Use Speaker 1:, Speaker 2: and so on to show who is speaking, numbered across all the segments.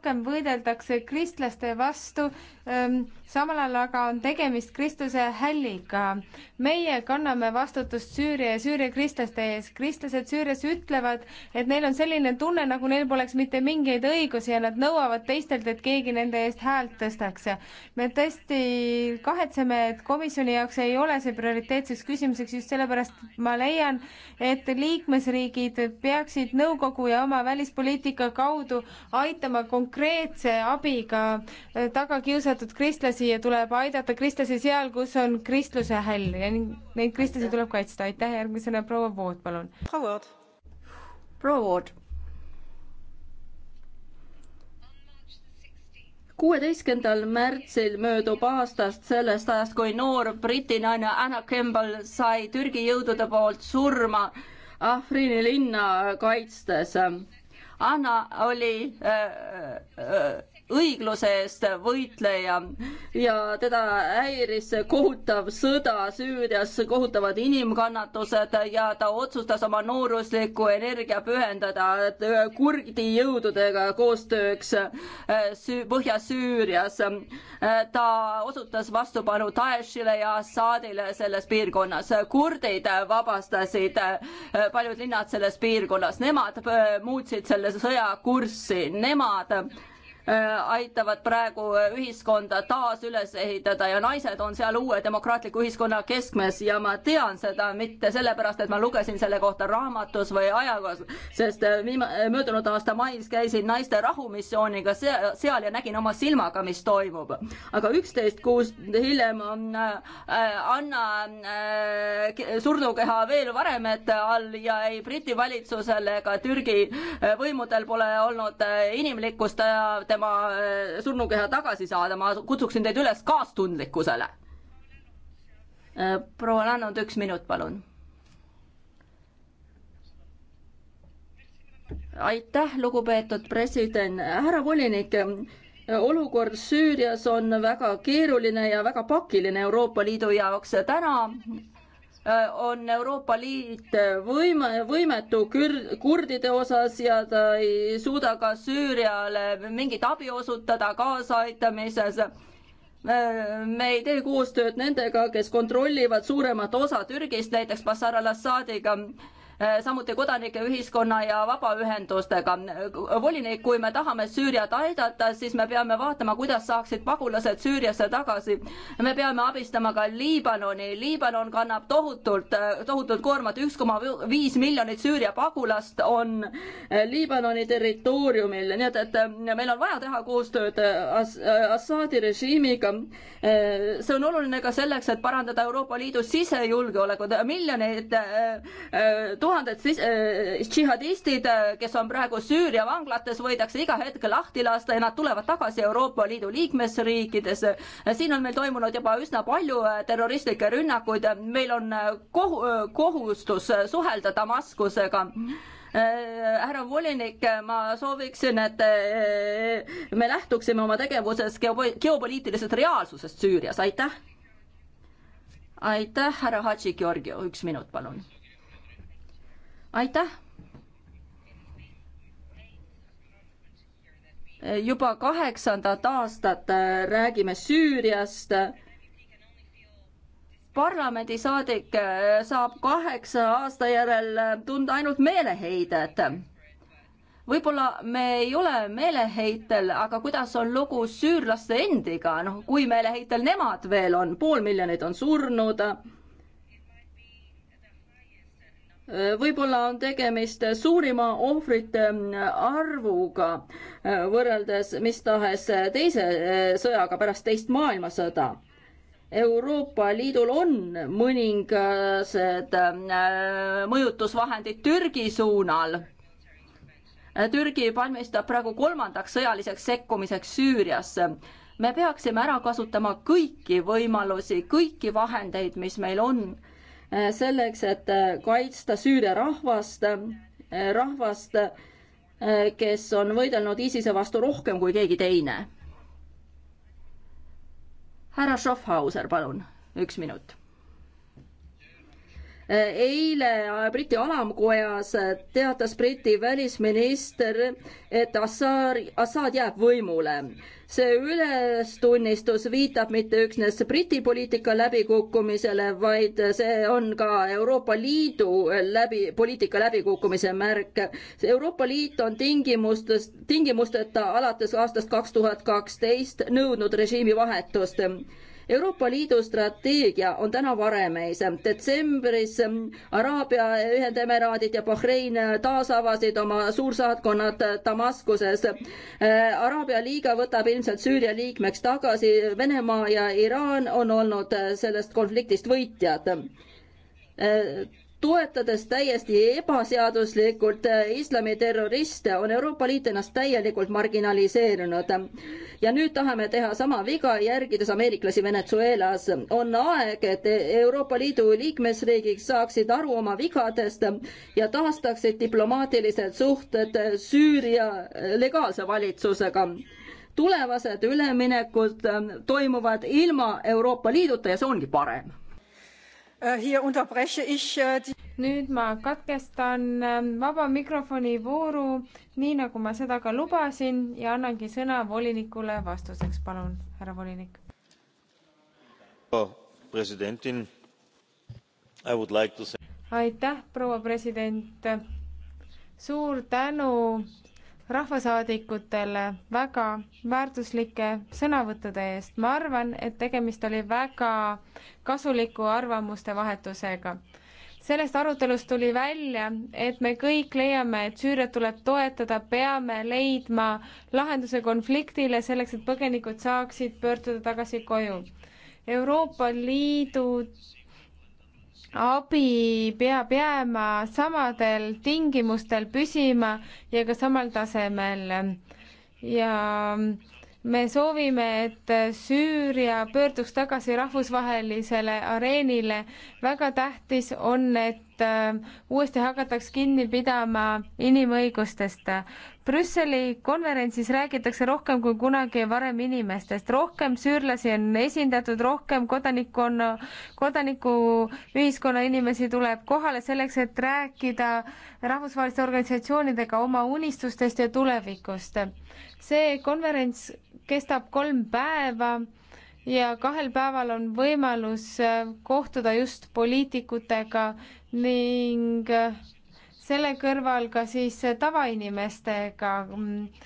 Speaker 1: rohkem võideldakse kristlaste vastu, ehm, samal ajal aga on tegemist Kristuse hälliga. meie kanname vastutust Süüria ja Süüria kristlaste ees. kristlased Süürias ütlevad, et neil on selline tunne, nagu neil poleks mitte mingeid õigusi ja nad nõuavad teistelt, et keegi nende eest häält tõstaks. me tõesti kahetseme, et komisjoni jaoks ei ole see prioriteetseks küsimuseks, just sellepärast ma leian, et liikmesriigid peaksid nõukogu ja oma välispoliitika kaudu aitama konkreetselt konkreetse abiga eh, tagakiusatud kristlasi ja tuleb aidata kristlasi seal, kus on kristluse häll ja neid kristlasi tuleb kaitsta. aitäh, järgmisena proua Vood, palun.
Speaker 2: proua Vood. kuueteistkümnendal märtsil möödub aastast sellest ajast, kui noor briti naine Anna Campbell sai Türgi jõudude poolt surma Afrini linna kaitstes Anna oli äh, äh, õigluse eest võitleja ja teda häiris kohutav sõda Süürias, kohutavad inimkannatused ja ta otsustas oma noorusliku energia pühendada äh, kurdi jõududega koostööks äh, Põhja-Süürias. Äh, ta osutas vastupanu Daeshile ja Assadile selles piirkonnas. kurdid vabastasid paljud linnad selles piirkonnas, nemad muutsid selle sõja kurssi, nemad Äh, aitavad praegu äh, ühiskonda taas üles ehitada ja naised on seal uue demokraatliku ühiskonna keskmes ja ma tean seda mitte sellepärast, et ma lugesin selle kohta raamatus või ajakirjas, sest äh, möödunud aasta mais käisin naiste rahumissiooniga seal ja nägin oma silmaga, mis toimub. aga üksteist kuud hiljem on Anna surnukeha veel varemete all ja ei Briti valitsusel ega Türgi võimudel pole olnud inimlikkust ja tema äh, surnukeha tagasi saada, ma kutsuksin teid üles kaastundlikkusele. Äh, proua Lannut, üks minut, palun. aitäh, lugupeetud president, härra volinik äh, olukord Süürias on väga keeruline ja väga pakiline Euroopa Liidu jaoks. täna Äh, on Euroopa Liit võime, võimetu kür-, kurdide osas ja ta ei suuda ka Süüriale mingit abi osutada kaasaaitamises. Äh, me ei tee koostööd nendega, kes kontrollivad suuremat osa Türgist, näiteks Bashar al-Assadiga Äh, samuti kodanike ühiskonna ja vabaühendustega. volinik, kui me tahame Süüriat aidata, siis me peame vaatama, kuidas saaksid pagulased Süüriasse tagasi. me peame abistama ka Liibanoni, Liibanon kannab tohutult, äh, tohutut koormat, üks koma viis miljonit Süüria pagulast on äh, Liibanoni territooriumil, nii et, et meil on vaja teha koostööd As-, Assaadi režiimiga. see on oluline ka selleks, et parandada Euroopa Liidu sisejulgeolekut, miljoneid tuhanded äh, džihadistid, äh, kes on praegu Süüria vanglates, võidakse iga hetk lahti lasta ja nad tulevad tagasi Euroopa Liidu liikmesriikidesse. siin on meil toimunud juba üsna palju äh, terroristlikke rünnakuid, meil on kohu, kohustus suhelda Damaskusega härra volinik, ma sooviksin, et me lähtuksime oma tegevuses geopoliitilisest reaalsusest Süürias, aitäh. aitäh, härra Hadži Georgiev, üks minut, palun aitäh! juba kaheksandat aastat äh, räägime Süüriast. parlamendisaadik äh, saab kaheksa aasta järel äh, tunda ainult meeleheidet. võib-olla me ei ole meeleheitel, aga kuidas on lugu süürlaste endiga, noh, kui meeleheitel nemad veel on, pool miljonit on surnud võib-olla on tegemist suurima ohvrite mm, arvuga äh, võrreldes mis tahes äh, teise äh, sõjaga pärast teist maailmasõda. Euroopa Liidul on mõningased mõjutusvahendid Türgi suunal. Türgi valmistab praegu kolmandaks sõjaliseks sekkumiseks Süüriasse me peaksime ära kasutama kõiki võimalusi, kõiki vahendeid, mis meil on Äh, selleks, et äh, kaitsta Süüria rahvast, äh, rahvast, kes on võidelnud ISISe vastu rohkem kui keegi teine. härra Schaffhauser, palun, üks minut Äh, eile äh, Briti alamkojas äh, teatas Briti välisminister, et Assar, Assad jääb võimule. see ülestunnistus viitab mitte üksnes Briti poliitika läbikukkumisele, vaid see on ka Euroopa Liidu läbi, poliitika läbikukkumise märk. Euroopa Liit on tingimustes, tingimusteta alates aastast kaks tuhat kaksteist nõudnud režiimi vahetust Euroopa Liidu strateegia on täna varemeis. detsembris Araabia Ühendemiraadid ja Bahrein taasavasid oma suursaatkonnad Damaskuses. Araabia liiga võtab ilmselt Süüria liikmeks tagasi. Venemaa ja Iraan on olnud sellest konfliktist võitjad toetades täiesti ebaseaduslikult äh, islamiterroriste, on Euroopa Liit ennast täielikult marginaliseerinud. ja nüüd tahame teha sama viga, järgides ameeriklasi Venezuelas. on aeg, et Euroopa Liidu liikmesriigid saaksid aru oma vigadest ja taastaksid diplomaatilised suhted Süüria legaalse valitsusega tulevased üleminekud äh, toimuvad ilma Euroopa Liiduta ja see ongi parem Äh, äh, nüüd ma katkestan
Speaker 1: ähm, vaba mikrofoni vooru, nii nagu ma seda ka lubasin ja annangi sõna volinikule vastuseks, palun, härra volinik. aitäh, proua president. suur tänu rahvasaadikutele väga väärtuslike sõnavõttude eest. ma arvan, et tegemist oli väga kasuliku arvamuste vahetusega. sellest arutelust tuli välja, et me kõik leiame, et Süüriat tuleb toetada, peame leidma lahenduse konfliktile selleks, et põgenikud saaksid pöörduda tagasi koju. Euroopa Liidu abi peab jääma samadel tingimustel püsima ja ka samal tasemel ja me soovime, et Süüria pöörduks tagasi rahvusvahelisele areenile. väga tähtis on, et äh, uuesti hakataks kinni pidama inimõigustest. Brüsseli konverentsis räägitakse rohkem kui kunagi varem inimestest, rohkem süürlasi on esindatud, rohkem kodanikkonna, kodanikuühiskonna inimesi tuleb kohale selleks, et rääkida rahvusvaheliste organisatsioonidega oma unistustest ja tulevikust see konverents kestab kolm päeva ja kahel päeval on võimalus äh, kohtuda just poliitikutega ning äh, selle kõrval ka siis äh, tavainimestega, mm,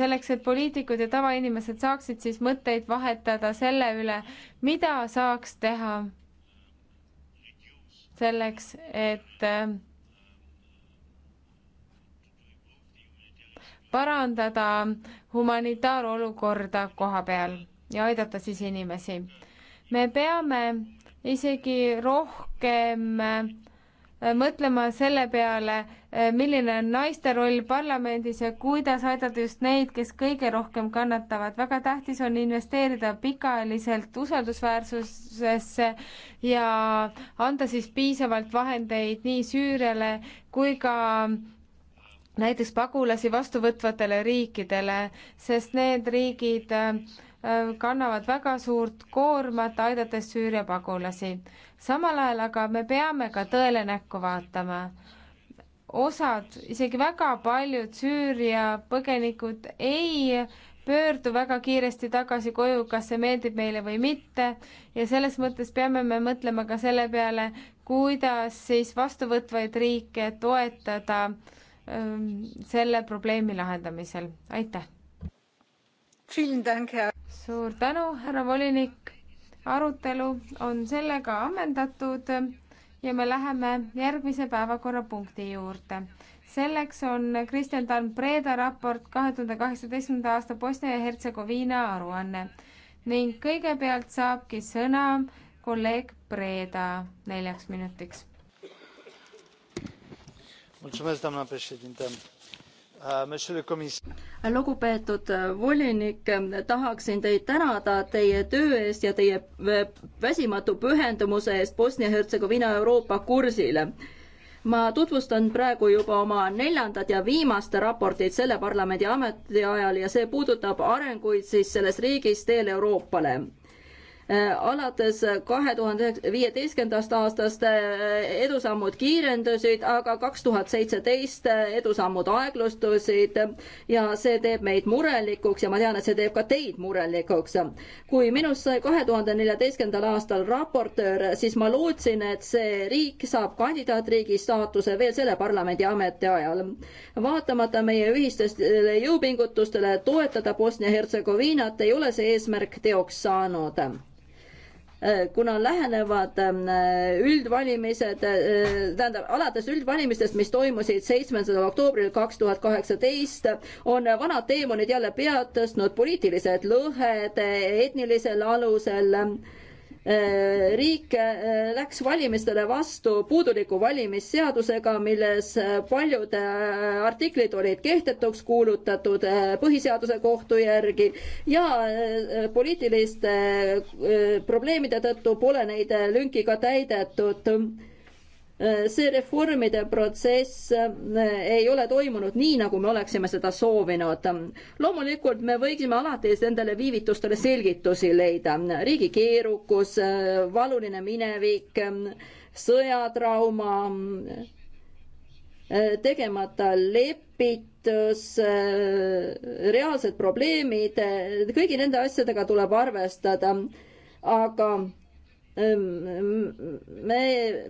Speaker 1: selleks, et poliitikud ja tavainimesed saaksid siis mõtteid vahetada selle üle, mida saaks teha selleks, et parandada humanitaarolukorda koha peal ja aidata siis inimesi. me peame isegi rohkem äh, mõtlema selle peale, äh, milline on naiste roll parlamendis ja kuidas aidata just neid, kes kõige rohkem kannatavad. väga tähtis on investeerida pikaajaliselt usaldusväärsusesse ja anda siis piisavalt vahendeid nii Süüriale kui ka äh, näiteks pagulasi vastuvõtvatele riikidele, sest need riigid äh, kannavad väga suurt koormat, aidates Süüria pagulasi. samal ajal aga me peame ka tõele näkku vaatama. osad, isegi väga paljud Süüria põgenikud ei pöördu väga kiiresti tagasi koju, kas see meeldib meile või mitte ja selles mõttes peame me mõtlema ka selle peale, kuidas siis vastuvõtvaid riike toetada äh, Ehm, selle probleemi lahendamisel, aitäh! suur tänu, härra volinik, arutelu on sellega ammendatud ja me läheme järgmise päevakorrapunkti juurde. selleks on Kristjan Tarn Preeda raport kahe tuhande kaheksateistkümnenda aasta Bosnia ja Hertsegoviina aruanne ning kõigepealt saabki sõna kolleeg Preeda neljaks minutiks doamnă președintă uh,
Speaker 2: lugupeetud uh, volinik, um, tahaksin teid tänada teie töö eest ja teie äh, väsimatu pühendumuse eest Bosnia-Hertsegoviina Euroopa kursile. ma tutvustan praegu juba oma neljandat ja viimast raportit selle parlamendi ametiajal ja see puudutab arenguid siis selles riigis teel Euroopale Äh, alates kahe tuhande viieteistkümnendast aastast äh, edusammud kiirendusid, aga kaks tuhat seitseteist äh, edusammud aeglustusid ja see teeb meid murelikuks ja ma tean, et see teeb ka teid murelikuks. kui minust sai kahe tuhande neljateistkümnendal aastal raportöör, siis ma lootsin, et see riik saab kandidaatriigi staatuse veel selle parlamendi ametiajal. vaatamata meie ühistele jõupingutustele toetada Bosnia-Hertsegoviinat, ei ole see eesmärk teoks saanud Äh, kuna lähenevad ähm, üldvalimised, äh, tähendab, alates üldvalimistest, mis toimusid seitsmendal oktoobril kaks tuhat kaheksateist, on vanad teemonid jälle pead tõstnud, poliitilised lõhed etnilisel alusel Äh, riik äh, läks valimistele vastu puuduliku valimisseadusega, milles äh, paljud artiklid olid kehtetuks kuulutatud põhiseaduse kohtu järgi ja poliitiliste probleemide tõttu pole neid lünki ka täidetud Äh, see reformide protsess äh, ei ole toimunud nii, nagu me oleksime seda soovinud. loomulikult me võiksime alati nendele viivitustele selgitusi leida, riigi keerukus, äh, valuline minevik, sõjatrauma, tegemata lepitus, reaalsed probleemid, kõigi nende asjadega tuleb arvestada, aga Ehm, me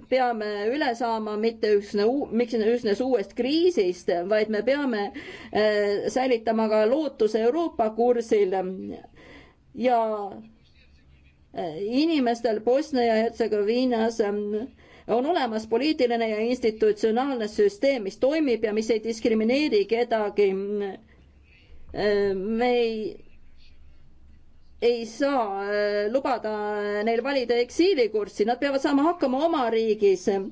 Speaker 2: peame üle saama mitte üksnes, miks üksnes uuest kriisist, vaid me peame eh, säilitama ka lootuse Euroopa kursil ja eh, inimestel Bosnia ja Hertsegoviinas ehm, on olemas poliitiline ja institutsionaalne süsteem, mis toimib ja mis ei diskrimineeri kedagi. Ehm, me ei ei saa äh, lubada neil valida eksiilikurssi, nad peavad saama hakkama oma riigis. Äh,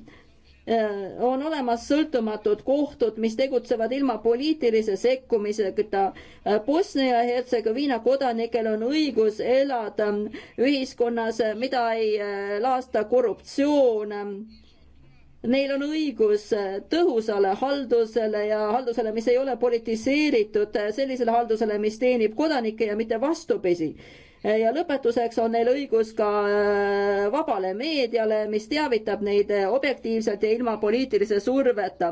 Speaker 2: on olemas sõltumatud kohtud, mis tegutsevad ilma poliitilise sekkumiseta. Äh, Bosnia ja Hertsegoviina kodanikel on õigus elada ühiskonnas, mida ei laasta korruptsioon neil on õigus tõhusale haldusele ja haldusele, mis ei ole politiseeritud, sellisele haldusele, mis teenib kodanikke ja mitte vastupidi. Eh, ja lõpetuseks on neil õigus ka eh, vabale meediale, mis teavitab neid eh, objektiivselt ja ilma poliitilise surveta.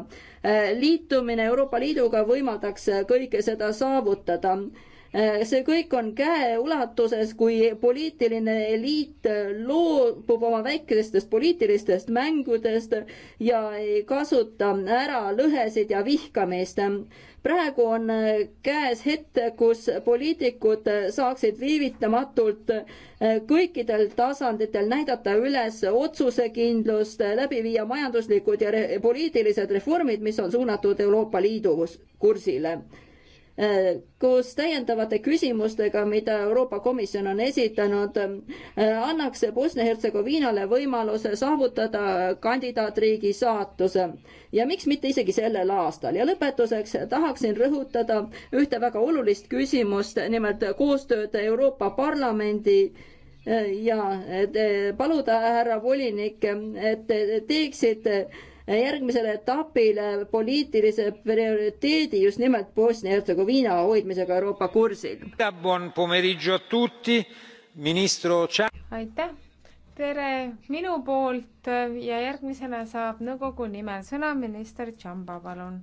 Speaker 2: liitumine Euroopa Liiduga võimaldaks kõike seda saavutada Äh, see kõik on käeulatuses, kui poliitiline eliit loobub oma väikestest poliitilistest mängudest ja ei kasuta ära lõhesid ja vihkamist. praegu on äh, käes hetk, kus poliitikud saaksid viivitamatult äh, kõikidel tasanditel näidata üles otsusekindlust, läbi viia majanduslikud ja re poliitilised reformid, mis on suunatud Euroopa Liidu kursile Äh, koos täiendavate küsimustega, mida Euroopa Komisjon on esitanud, äh, annaks Bosnia-Hertsegoviinale võimaluse saavutada kandidaatriigi saatuse ja miks mitte isegi sellel aastal. ja lõpetuseks tahaksin rõhutada ühte väga olulist küsimust, nimelt koostööd Euroopa Parlamendi äh, ja paluda, härra volinik, et te teeksite järgmisele etapile poliitilise prioriteedi just nimelt Bosnia-Hertsegoviina hoidmisega Euroopa kursil. aitäh, tere
Speaker 1: minu poolt ja järgmisena saab nõukogu nimel sõna minister Tšamba, palun.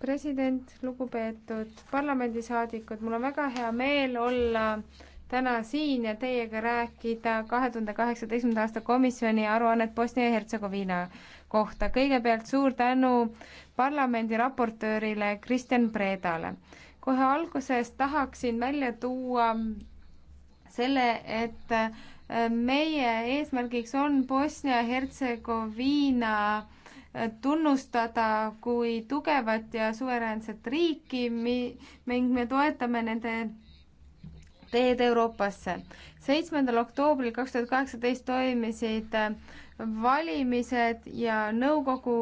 Speaker 1: president, lugupeetud parlamendisaadikud, mul on väga hea meel olla äh, täna siin ja teiega rääkida kahe tuhande kaheksateistkümnenda aasta komisjoni aruannet Bosnia ja Hertsegoviina kohta. kõigepealt suur tänu parlamendi raportöörile Kristjan Predale. kohe alguses tahaksin välja tuua selle, et äh, meie eesmärgiks on Bosnia-Hertsegoviina äh, tunnustada kui tugevat ja suveräänset riiki, mi-, ning me toetame nende teed Euroopasse. seitsmendal oktoobril kaks tuhat kaheksateist toimisid äh, valimised ja nõukogu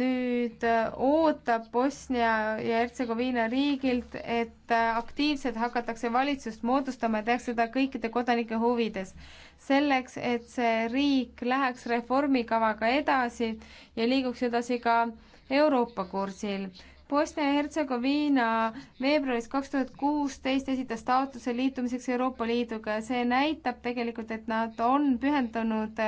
Speaker 1: nüüd äh, ootab Bosnia ja Hertsegoviina riigilt, et äh, aktiivselt hakatakse valitsust moodustama ja tehakse seda kõikide kodanike huvides. selleks, et see riik läheks reformikavaga edasi ja liiguks edasi ka Euroopa kursil. Bosnia-Hertsegoviina veebruaris kaks tuhat kuusteist esitas taotluse liitumiseks Euroopa Liiduga ja see näitab tegelikult, et nad on pühendunud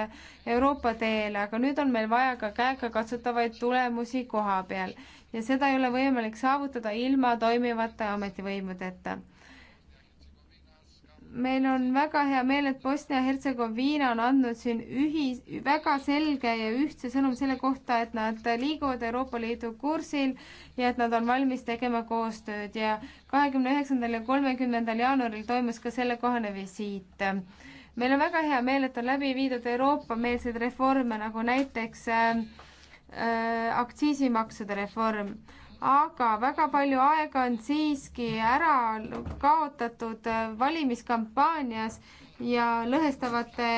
Speaker 1: Euroopa teele, aga nüüd on meil vaja ka käegakatsutavaid tulemusi koha peal ja seda ei ole võimalik saavutada ilma toimivate ametivõimudeta meil on väga hea meel, et Bosnia-Hertsegoviina on andnud siin ühi-, väga selge ja ühtse sõnum selle kohta, et nad liiguvad Euroopa Liidu kursil ja et nad on valmis tegema koostööd ja kahekümne üheksandal ja kolmekümnendal jaanuaril toimus ka sellekohane visiit. meil on väga hea meel, et on läbi viidud Euroopa-meelseid reforme, nagu näiteks äh, äh, aktsiisimaksude reform aga väga palju aega on siiski ära kaotatud äh, valimiskampaanias ja lõhestavate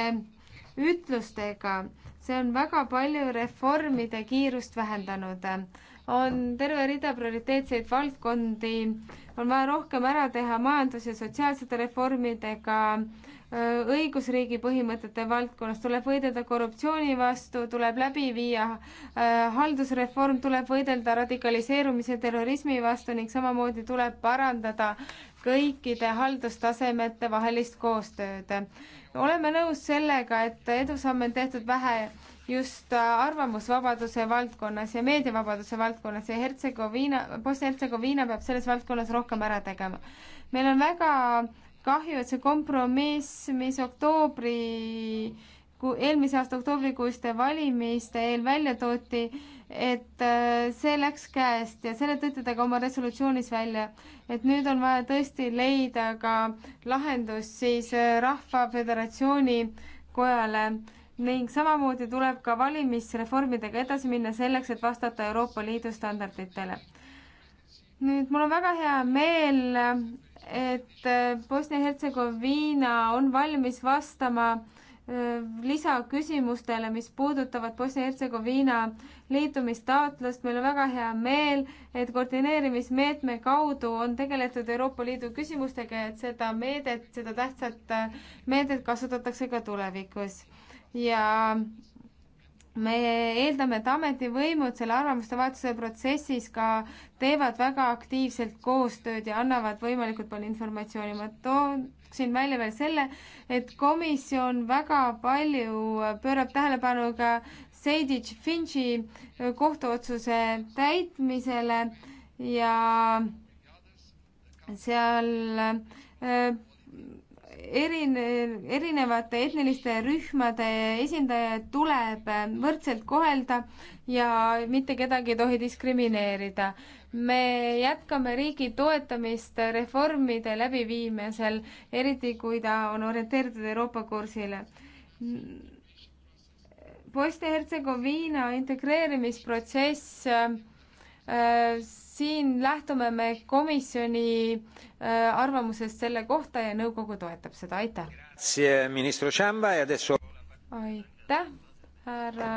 Speaker 1: ütlustega. see on väga palju reformide kiirust vähendanud. on terve rida prioriteetseid valdkondi, on vaja rohkem ära teha majandus- ja sotsiaalsete reformidega äh,, õigusriigi põhimõtete valdkonnas, tuleb võidelda korruptsiooni vastu, tuleb läbi viia äh, haldusreform, tuleb võidelda radikaliseerumise terrorismi vastu ning samamoodi tuleb parandada kõikide haldustasemete vahelist koostööd. oleme nõus sellega, et edusamme on tehtud vähe just arvamusvabaduse valdkonnas ja meediavabaduse valdkonnas ja Hertsegoviina, Bosnia-Hertsegoviina peab selles valdkonnas rohkem ära tegema. meil on väga kahju, et see kompromiss, mis oktoobri, eelmise aasta oktoobrikuiste valimiste eel välja toodi, et äh, see läks käest ja selle tõite te ka oma resolutsioonis välja, et nüüd on vaja tõesti leida ka lahendus siis äh, Rahva Föderatsiooni kojale ning samamoodi tuleb ka valimisreformidega edasi minna selleks, et vastata Euroopa Liidu standarditele. nüüd mul on väga hea meel et äh, Bosnia-Hertsegoviina on valmis vastama äh, lisaküsimustele, mis puudutavad Bosnia-Hertsegoviina liitumistaotlust. meil on väga hea meel, et koordineerimismeetme kaudu on tegeletud Euroopa Liidu küsimustega ja et seda meedet, seda tähtsat äh, meedet kasutatakse ka tulevikus. ja me eeldame, et ametivõimud selle arvamuste vahetuse protsessis ka teevad väga aktiivselt koostööd ja annavad võimalikult palju informatsiooni. ma tooksin välja veel selle, et komisjon väga palju pöörab tähelepanu ka Seidich Finchi kohtuotsuse täitmisele ja seal äh, erine, erinevate etniliste rühmade esindajaid tuleb võrdselt kohelda ja mitte kedagi ei tohi diskrimineerida. me jätkame riigi toetamist reformide läbiviimisel, eriti kui ta on orienteeritud Euroopa kursile. Bosnia-Hertsegoviina integreerimisprotsess äh, siin lähtume me komisjoni äh, arvamusest selle kohta ja nõukogu toetab seda, aitäh.
Speaker 3: E
Speaker 1: aitäh, härra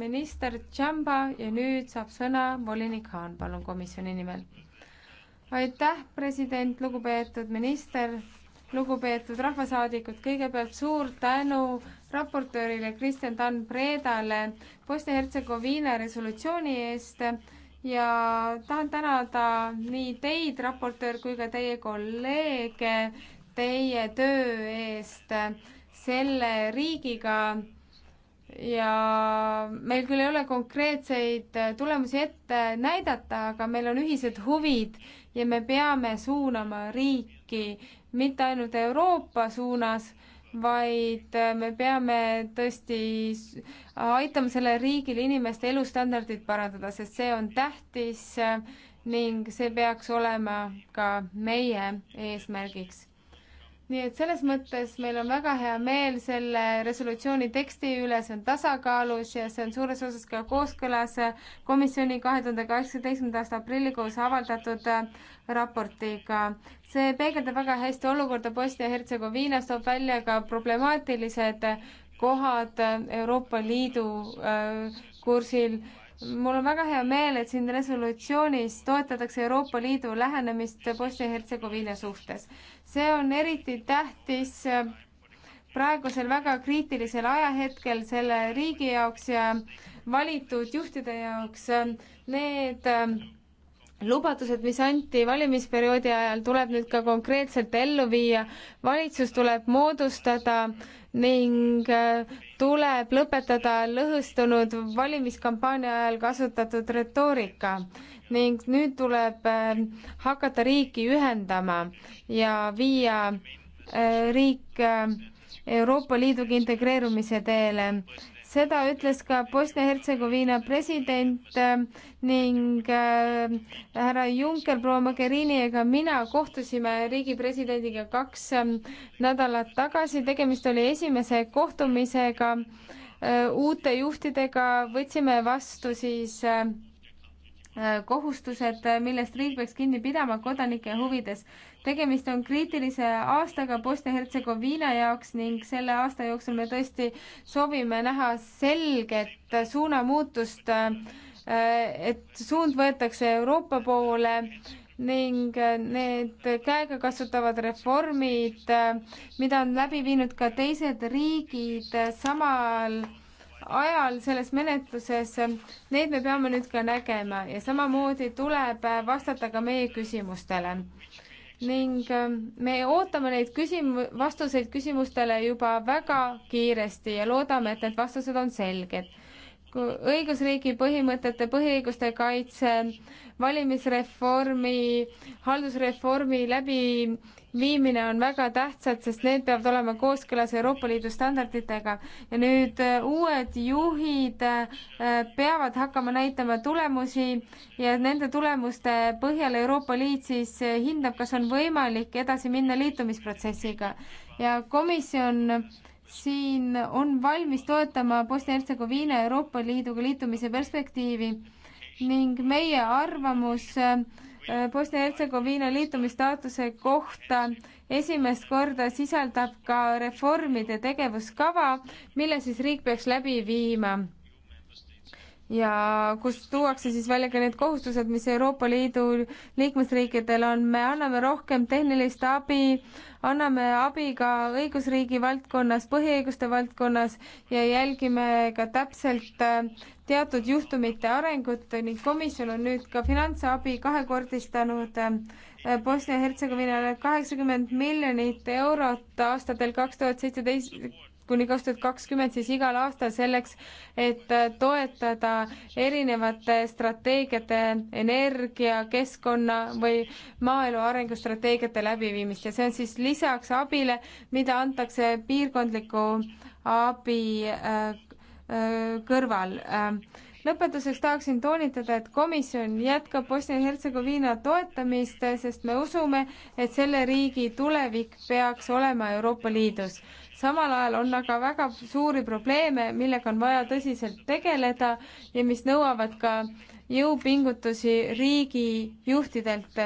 Speaker 1: minister Tšamba ja nüüd saab sõna volinik Haan, palun komisjoni nimel. aitäh, president, lugupeetud minister, lugupeetud rahvasaadikud, kõigepealt suur tänu raportöörile Kristjan Tann Predale Bosnia-Hertsegoviina resolutsiooni eest ja tahan tänada nii teid, raportöör, kui ka teie kolleege teie töö eest selle riigiga ja meil küll ei ole konkreetseid tulemusi ette näidata, aga meil on ühised huvid ja me peame suunama riiki mitte ainult Euroopa suunas, vaid äh, me peame tõesti aitama sellel riigil inimeste elustandardit parandada, sest see on tähtis äh, ning see peaks olema ka meie eesmärgiks nii et selles mõttes meil on väga hea meel selle resolutsiooni teksti üle, see on tasakaalus ja see on suures osas ka kooskõlas äh, komisjoni kahe tuhande kaheksateistkümnenda aasta aprillikuus avaldatud raportiga. see peegeldab väga hästi olukorda Bosnia-Hertsegoviinas, toob välja ka problemaatilised kohad Euroopa Liidu äh, kursil. mul on väga hea meel, et siin resolutsioonis toetatakse Euroopa Liidu lähenemist Bosnia-Hertsegoviina suhtes. see on eriti tähtis äh, praegusel väga kriitilisel ajahetkel selle riigi jaoks ja valitud juhtide jaoks. Need äh, lubadused, mis anti valimisperioodi ajal, tuleb nüüd ka konkreetselt ellu viia. valitsus tuleb moodustada ning äh, tuleb lõpetada lõhustunud valimiskampaania ajal kasutatud retoorika ning nüüd tuleb äh, hakata riiki ühendama ja viia äh, riik Euroopa Liiduga integreerumise teele seda ütles ka Bosnia-Hertsegoviina president äh, ning äh, härra Juncker, proua Mogherini ega mina kohtusime riigi presidendiga kaks ähm, nädalat tagasi, tegemist oli esimese kohtumisega äh, uute juhtidega, võtsime vastu siis kohustused, millest riik peaks kinni pidama kodanike huvides tegemist on kriitilise aastaga Bosnia-Hertsegoviina jaoks ning selle aasta jooksul me tõesti soovime näha selget suunamuutust, et suund võetakse Euroopa poole ning need käegakasutavad reformid, mida on läbi viinud ka teised riigid samal ajal selles menetluses, need me peame nüüd ka nägema ja samamoodi tuleb vastata ka meie küsimustele ning ähm, me ootame neid küsim-, vastuseid küsimustele juba väga kiiresti ja loodame, et need vastused on selged. õigusriigi põhimõtete, põhiõiguste kaitse, valimisreformi, haldusreformi läbi viimine on väga tähtsad, sest need peavad olema kooskõlas Euroopa Liidu standarditega ja nüüd äh, uued juhid äh, peavad hakkama näitama tulemusi ja nende tulemuste põhjal Euroopa Liit siis äh, hindab, kas on võimalik edasi minna liitumisprotsessiga ja komisjon siin on valmis toetama Bosnia-Hertsegoviina Euroopa Liiduga liitumise perspektiivi ning meie arvamus äh, Äh, Bosnia-Hertsegoviina liitumistaotluse kohta esimest korda sisaldab ka reformide tegevuskava, mille siis riik peaks läbi viima ja kus tuuakse siis välja ka need kohustused, mis Euroopa Liidu liikmesriikidel on, me anname rohkem tehnilist abi, anname abi ka õigusriigi valdkonnas, põhiõiguste valdkonnas ja jälgime ka täpselt äh, teatud juhtumite arengut ning komisjon on nüüd ka finantsabi kahekordistanud äh, Bosnia-Hertsegovinale kaheksakümmend miljonit eurot aastatel kaks tuhat seitseteist kuni kaks tuhat kakskümmend, siis igal aastal selleks, et toetada erinevate strateegiate, energia, keskkonna või maaelu arengustrateegiate läbiviimist ja see on siis lisaks abile, mida antakse piirkondliku abi äh, äh, kõrval äh, lõpetuseks tahaksin toonitada, et komisjon jätkab Bosnia-Hertsegoviina toetamist, sest me usume, et selle riigi tulevik peaks olema Euroopa Liidus samal ajal on aga väga suuri probleeme, millega on vaja tõsiselt tegeleda ja mis nõuavad ka jõupingutusi riigijuhtidelt.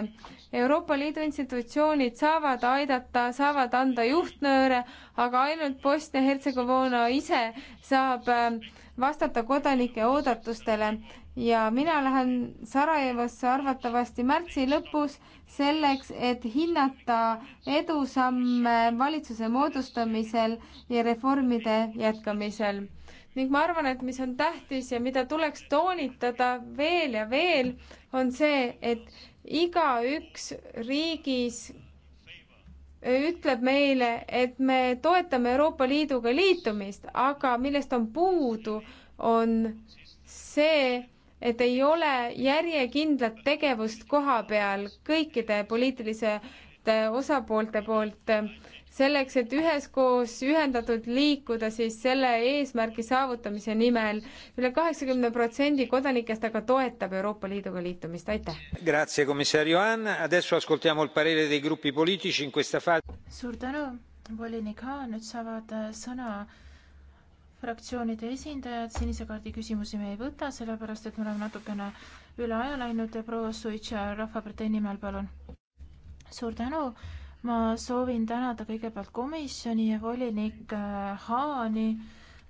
Speaker 1: Euroopa Liidu institutsioonid saavad aidata, saavad anda juhtnööre, aga ainult Bosnia-Hertsegoviina ise saab ähm, vastata kodanike oodatustele ja mina lähen Sarajevosse arvatavasti märtsi lõpus selleks, et hinnata edusamme valitsuse moodustamisel ja reformide jätkamisel. ning ma arvan, et mis on tähtis ja mida tuleks toonitada veel ja veel, on see, et igaüks riigis ütleb meile, et me toetame Euroopa Liiduga liitumist, aga millest on puudu, on see, et ei ole järjekindlat tegevust koha peal kõikide poliitilise osapoolte poolt selleks, et üheskoos ühendatult liikuda siis selle eesmärgi saavutamise nimel üle. üle kaheksakümne protsendi kodanikest aga
Speaker 3: toetab Euroopa Liiduga liitumist, aitäh. suur tänu, volinik Haan, nüüd saavad sõna fraktsioonide esindajad, sinise kaardi küsimusi me ei võta, sellepärast et me oleme natukene üle aja läinud. proua Suitša Rahvapartei nimel, palun. suur tänu. ma soovin tänada kõigepealt komisjoni ja volinik äh, Haani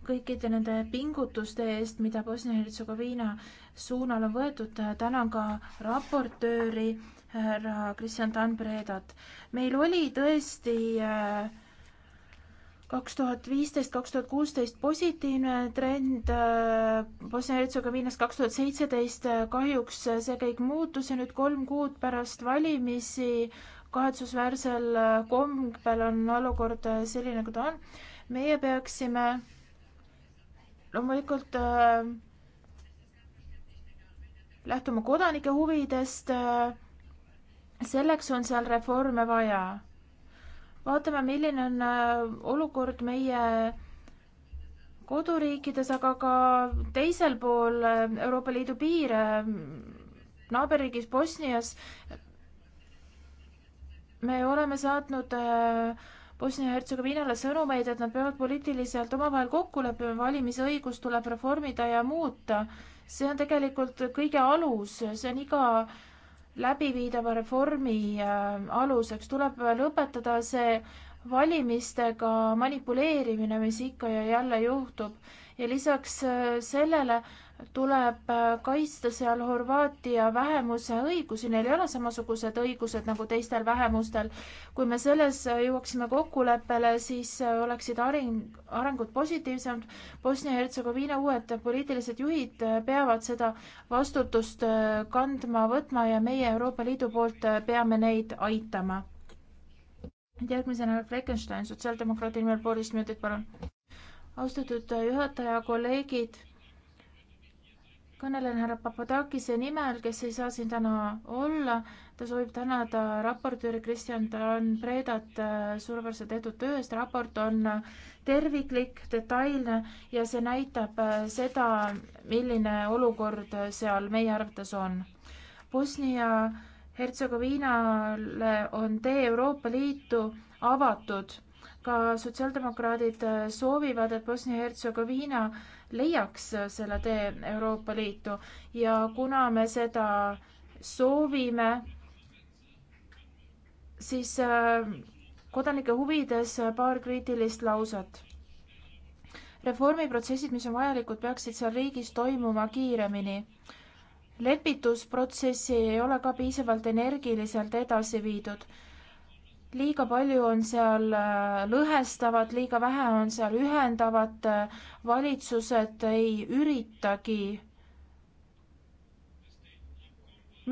Speaker 3: kõikide nende pingutuste eest, mida Bosnia-Hertsegoviina suunal on võetud, tänan ka raportööri härra Kristjan Tanbredat. meil oli tõesti äh, kaks tuhat viisteist, kaks tuhat kuusteist positiivne trend, äh, Bosnia-Hertsegoviinas kaks tuhat seitseteist äh, kahjuks äh, see kõik muutus ja nüüd kolm kuud pärast valimisi kahetsusväärsel kombel on olukord selline, kui nagu ta on. meie peaksime loomulikult äh, lähtuma kodanike huvidest äh,. selleks on seal reforme vaja vaatame, milline on äh, olukord meie koduriikides, aga ka teisel pool äh, Euroopa Liidu piire, äh, naaberriigis Bosnias. me oleme saatnud Bosnia-Hertsegoviinale sõnumeid, et nad peavad poliitiliselt omavahel kokku leppima, valimisõigus tuleb reformida ja muuta. see on tegelikult kõige alus, see on iga äh, läbiviidava reformi äh, aluseks, tuleb lõpetada see valimistega manipuleerimine, mis ikka ja jälle juhtub ja lisaks äh, sellele tuleb äh, kaitsta seal Horvaatia vähemuse õigusi, neil ei ole samasugused õigused nagu teistel vähemustel. kui me selles äh, jõuaksime kokkuleppele, siis äh, oleksid areng, arengud positiivsemad. Bosnia-Hertsegoviina uued poliitilised juhid peavad seda vastutust kandma, võtma ja meie Euroopa Liidu poolt peame neid aitama. järgmisena Fleckenstein, sotsiaaldemokraadi nimel poolteist minutit, palun. austatud juhataja, kolleegid kõnelen härra Papadakise nimel, kes ei saa siin täna olla. ta soovib tänada raportööri Kristjan Dan Predat äh, suurepärase tehtud töö eest. raport on äh, terviklik, detailne ja see näitab äh, seda, milline olukord seal meie arvates on. Bosnia Hertsegoviinale on tee Euroopa Liitu avatud. ka sotsiaaldemokraadid soovivad, et Bosnia-Hertsegoviina leiaks selle tee Euroopa Liitu ja kuna me seda soovime, siis äh, kodanike huvides paar kriitilist lauset. reformiprotsessid, mis on vajalikud, peaksid seal riigis toimuma kiiremini lepitusprotsessi ei ole ka piisavalt energiliselt edasi viidud liiga palju on seal äh, lõhestavat, liiga vähe on seal ühendavat, äh, valitsused ei üritagi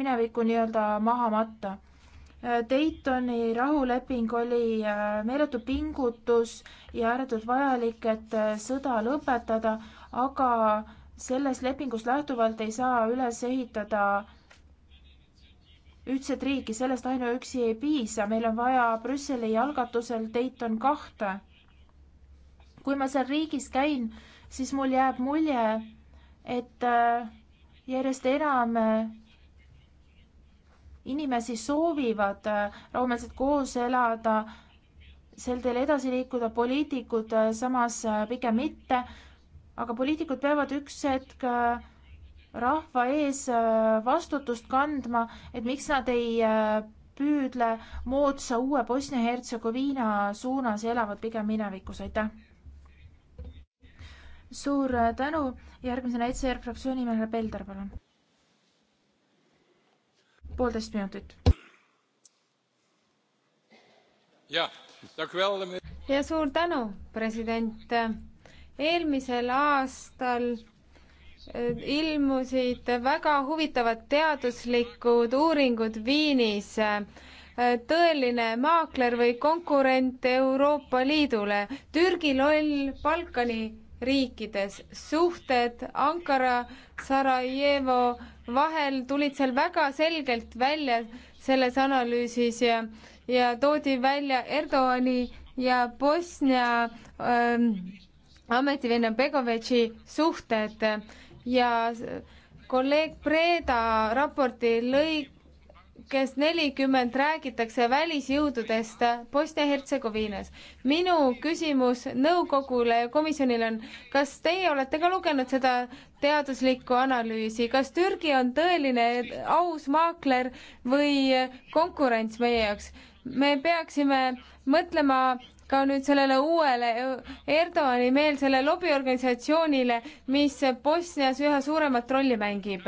Speaker 3: minevikku nii-öelda maha matta. Äh, Daytoni rahuleping oli meeletu pingutus ja ääretult vajalik, et sõda lõpetada, aga sellest lepingust lähtuvalt ei saa üles ehitada ühtset riiki, sellest ainuüksi ei piisa, meil on vaja Brüsseli algatusel Dayton kahte. kui ma seal riigis käin, siis mul jääb mulje, et äh, järjest enam äh, inimesi soovivad äh, rahumeelselt koos elada, sel teel edasi liikuda, poliitikud samas pigem mitte, aga poliitikud peavad üks hetk äh, rahva ees äh, vastutust kandma, et miks nad ei äh, püüdle moodsa uue Bosnia-Hertsegoviina suunas ja elavad pigem minevikus, aitäh! suur äh, tänu, järgmisena ECR fraktsiooni nimel härra Pelder, palun. poolteist minutit.
Speaker 4: jah,
Speaker 1: ja suur tänu, president. eelmisel aastal ilmusid väga huvitavad teaduslikud uuringud Viinis tõeline maakler või konkurent Euroopa Liidule. Türgi loll Balkani riikides, suhted Ankara, Sarajevo vahel tulid seal väga selgelt välja selles analüüsis ja, ja toodi välja Erdoani ja Bosnia ähm, ametivenna Begovetši suhted ja kolleeg Preda raporti lõik, kes nelikümmend räägitakse välisjõududest Bosnia-Hertsegoviinas. minu küsimus nõukogule ja komisjonile on, kas teie olete ka lugenud seda teaduslikku analüüsi, kas Türgi on tõeline aus maakler või konkurents meie jaoks? me peaksime mõtlema ka nüüd sellele uuele Erdoani meelsele lobiorganisatsioonile, mis Bosnias üha suuremat rolli mängib.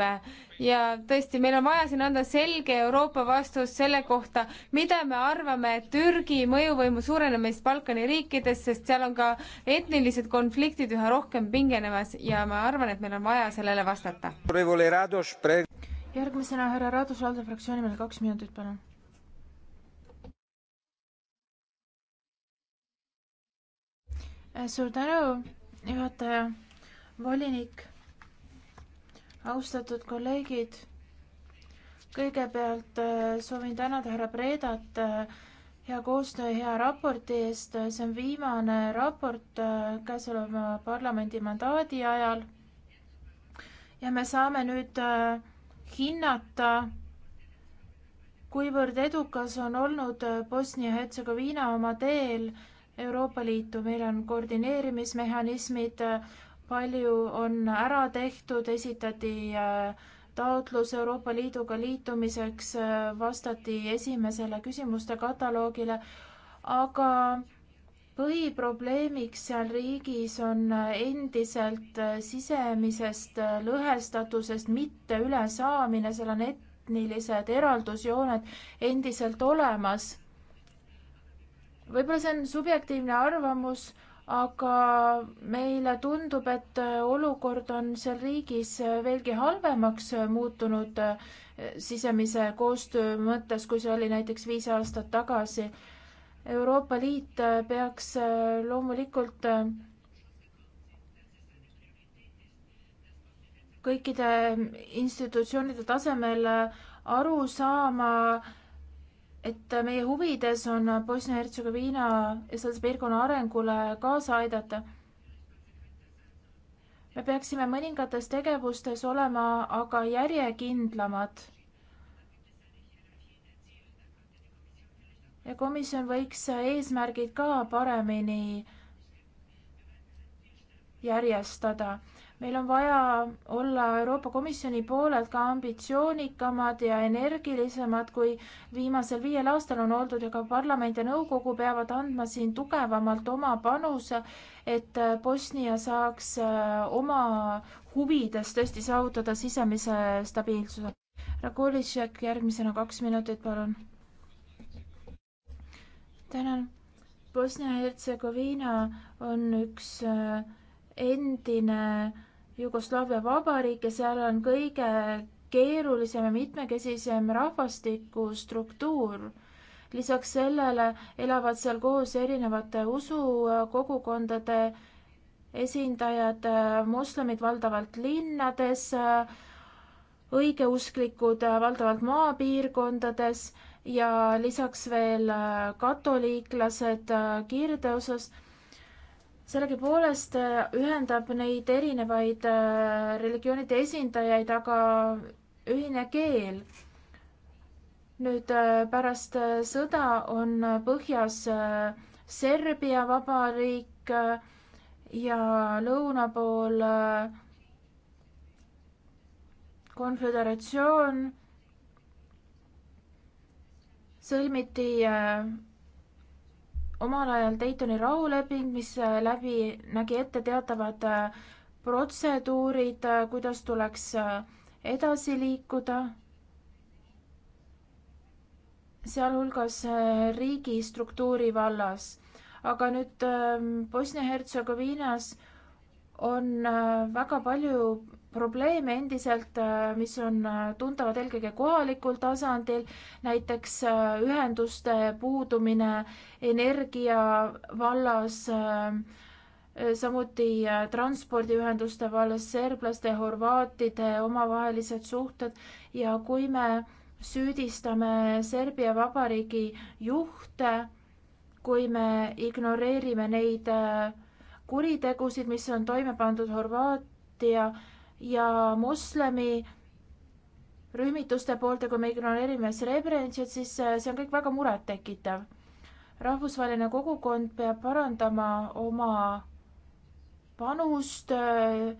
Speaker 1: ja tõesti, meil on vaja siin anda selge Euroopa vastus selle kohta, mida me arvame Türgi mõjuvõimu suurenemist Balkani riikides, sest seal on ka etnilised konfliktid üha rohkem pingenemas ja ma arvan, et meil on vaja sellele vastata.
Speaker 3: järgmisena härra Raadus, Valdo fraktsiooni nimel kaks minutit, palun suur tänu, juhataja, volinik, austatud kolleegid. kõigepealt äh, soovin tänada härra Predat äh, hea koostöö, hea raporti eest. see on viimane raport äh, käesoleva parlamendi mandaadi ajal. ja me saame nüüd hinnata, kuivõrd edukas on olnud Bosnia-Hertsegoviina oma teel Euroopa Liitu, meil on koordineerimismehhanismid, palju on ära tehtud, esitati äh, taotlus Euroopa Liiduga liitumiseks, äh, vastati esimesele küsimuste kataloogile, aga põhiprobleemiks seal riigis on äh, endiselt sisemisest lõhestatusest mitte ülesaamine, seal on etnilised eraldusjooned endiselt olemas võib-olla see on subjektiivne arvamus, aga meile tundub, et äh, olukord on seal riigis äh, veelgi halvemaks äh, muutunud sisemise koostöö mõttes, kui see oli näiteks viis aastat tagasi. Euroopa Liit peaks loomulikult kõikide institutsioonide tasemel aru saama äh, et meie huvides on Bosnia-Hertsegoviina ja selles piirkonna arengule kaasa aidata. me peaksime mõningates tegevustes olema aga järjekindlamad. ja komisjon võiks eesmärgid ka paremini järjestada meil on vaja olla Euroopa Komisjoni poolelt ka ambitsioonikamad ja energilisemad, kui viimasel viiel aastal on oldud ja ka parlament ja nõukogu peavad andma siin tugevamalt oma panuse, et Bosnia saaks äh, oma huvides tõesti saavutada sisemise stabiilsuse. Rakulišek, järgmisena kaks minutit, palun. tänan. Bosnia-Hertsegoviina on üks äh, endine äh, Jugoslaavia vabariik ja seal on kõige keerulisem ja mitmekesisem rahvastikustruktuur. lisaks sellele elavad seal koos erinevate usukogukondade esindajad, moslemid valdavalt linnades, õigeusklikud valdavalt maapiirkondades ja lisaks veel katoliiklased kirdeosas sellegipoolest äh, ühendab neid erinevaid äh, religioonide esindajaid aga ühine keel. nüüd äh, pärast sõda on põhjas Serbia vabariik ja lõuna pool konföderatsioon sõlmiti omal ajal Daytoni rahuleping, mis äh, läbi nägi ette teatavad äh, protseduurid, äh, kuidas tuleks edasi liikuda, sealhulgas riigistruktuuri vallas. aga nüüd ähm, Bosnia-Hertsegoviinas on väga palju probleeme endiselt, äh, mis on äh, tuntavad eelkõige kohalikul tasandil, näiteks äh, ühenduste puudumine energia vallas, samuti transpordiühenduste vallas, serblaste, horvaatide omavahelised suhted ja kui me süüdistame Serbia Vabariigi juhte, kui me ignoreerime neid kuritegusid, mis on toime pandud Horvaatia ja moslemi rühmituste poolt ja kui me ignoreerime Srebrenitsat, siis äh, see on kõik väga murettekitav. rahvusvaheline kogukond peab parandama oma panust äh,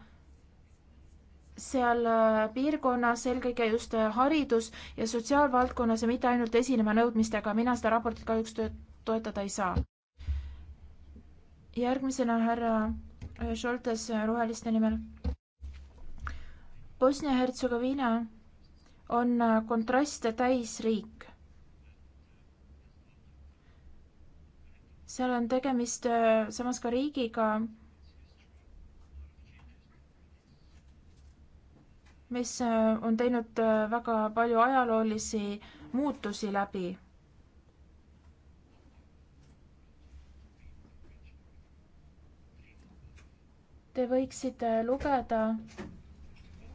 Speaker 3: seal äh, piirkonnas, eelkõige just haridus- ja sotsiaalvaldkonnas ja mitte ainult esinema nõudmistega, mina seda raportit kahjuks toetada ei saa. järgmisena härra Šoltes Roheliste nimel Bosnia-Hertsegoviina on äh, kontraste täis riik. seal on tegemist äh, samas ka riigiga, mis äh, on teinud väga palju ajaloolisi muutusi läbi te võiksite lugeda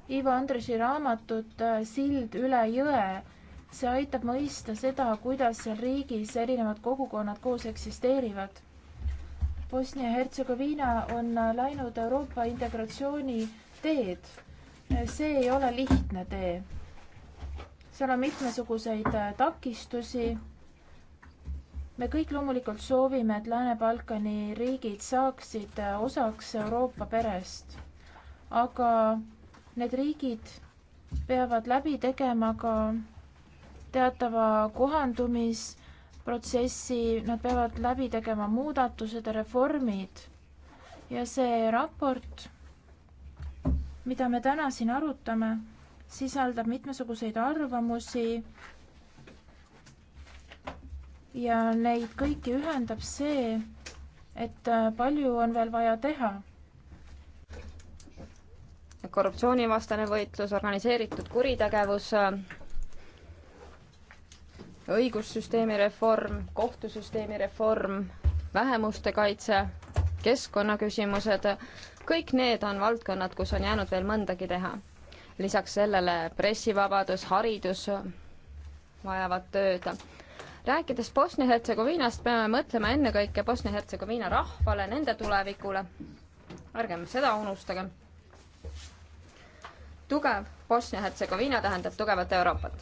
Speaker 3: Ivo Andresi raamatut äh, Sild üle jõe. see aitab mõista seda, kuidas seal riigis erinevad kogukonnad koos eksisteerivad. Bosnia-Hertsegoviina on äh, läinud Euroopa integratsiooni teed. see ei ole lihtne tee. seal on mitmesuguseid äh, takistusi. me kõik loomulikult soovime, et Lääne-Balkani riigid saaksid osaks Euroopa perest, aga Need riigid peavad läbi tegema ka teatava kohandumisprotsessi, nad peavad läbi tegema muudatused ja reformid. ja see raport, mida me täna siin arutame, sisaldab mitmesuguseid arvamusi ja neid kõiki ühendab see, et palju on veel vaja teha
Speaker 5: korruptsioonivastane võitlus, organiseeritud kuritegevus, õigussüsteemi reform, kohtusüsteemi reform, vähemuste kaitse, keskkonnaküsimused, kõik need on valdkonnad, kus on jäänud veel mõndagi teha. lisaks sellele pressivabadus, haridus vajavad tööd. rääkides Bosnia-Hertsegoviinast, peame mõtlema ennekõike Bosnia-Hertsegoviina rahvale, nende tulevikule. ärgem seda unustagem tugev Bosnia-Hertsegoviina tähendab
Speaker 6: tugevat Euroopat.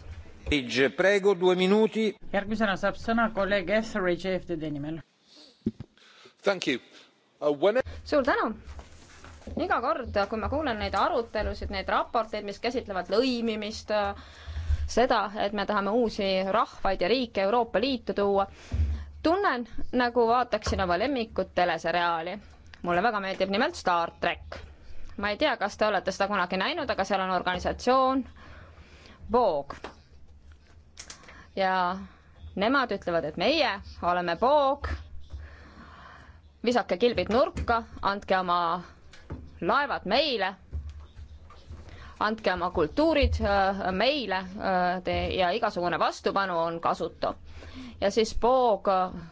Speaker 6: järgmisena saab sõna kolleeg Etheridge EFTD nimel.
Speaker 4: Uh,
Speaker 6: suur tänu!
Speaker 5: iga kord, kui ma kuulen neid arutelusid, neid raporteid, mis käsitlevad lõimimist, seda, et me tahame uusi rahvaid ja riike Euroopa Liitu tuua, tunnen, nagu vaataksin oma lemmikut teleseriaali. mulle väga meeldib nimelt Star track ma ei tea, kas te olete seda kunagi näinud, aga seal on organisatsioon Voog. ja nemad ütlevad, et meie oleme Voog, visake kilbid nurka, andke oma laevad meile, andke oma kultuurid äh, meile äh, ja igasugune vastupanu on kasutu. ja siis Voog äh,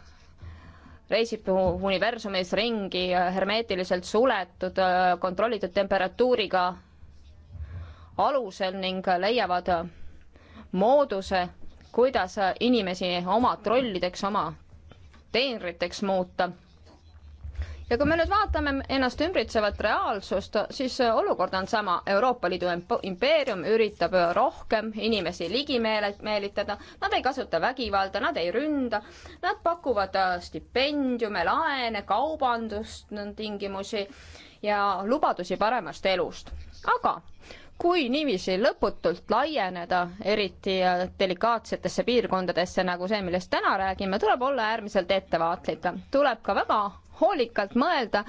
Speaker 5: reisib universumis ringi hermeetiliselt suletud, kontrollitud temperatuuriga alusel ning leiavad mooduse, kuidas inimesi oma trollideks, oma teenriteks muuta ja kui me nüüd vaatame ennast ümbritsevat reaalsust, siis olukord on sama. Euroopa Liidu impeerium üritab rohkem inimesi ligi meelitada, nad ei kasuta vägivalda, nad ei ründa, nad pakuvad äh, stipendiume, laene, kaubandust, tingimusi ja lubadusi paremast elust. aga kui niiviisi lõputult laieneda, eriti äh, delikaatsetesse piirkondadesse, nagu see, millest täna räägime, tuleb olla äärmiselt ettevaatlik. tuleb ka väga hoolikalt mõelda,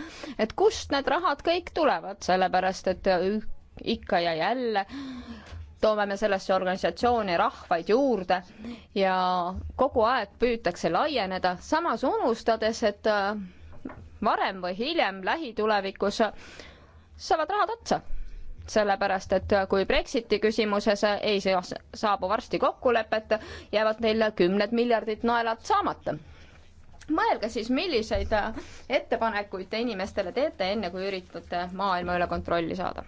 Speaker 5: et kust need rahad kõik tulevad, sellepärast et ikka ja jälle toome me sellesse organisatsiooni rahvaid juurde ja kogu aeg püütakse laieneda, samas unustades, et äh, varem või hiljem lähitulevikus saavad rahad otsa sellepärast et äh, kui Brexiti küsimuses ei saabu varsti kokkulepet, jäävad neil kümned miljardid naelad saamata mõelge siis, milliseid äh, ettepanekuid te inimestele teete, enne kui üritate maailma üle kontrolli saada.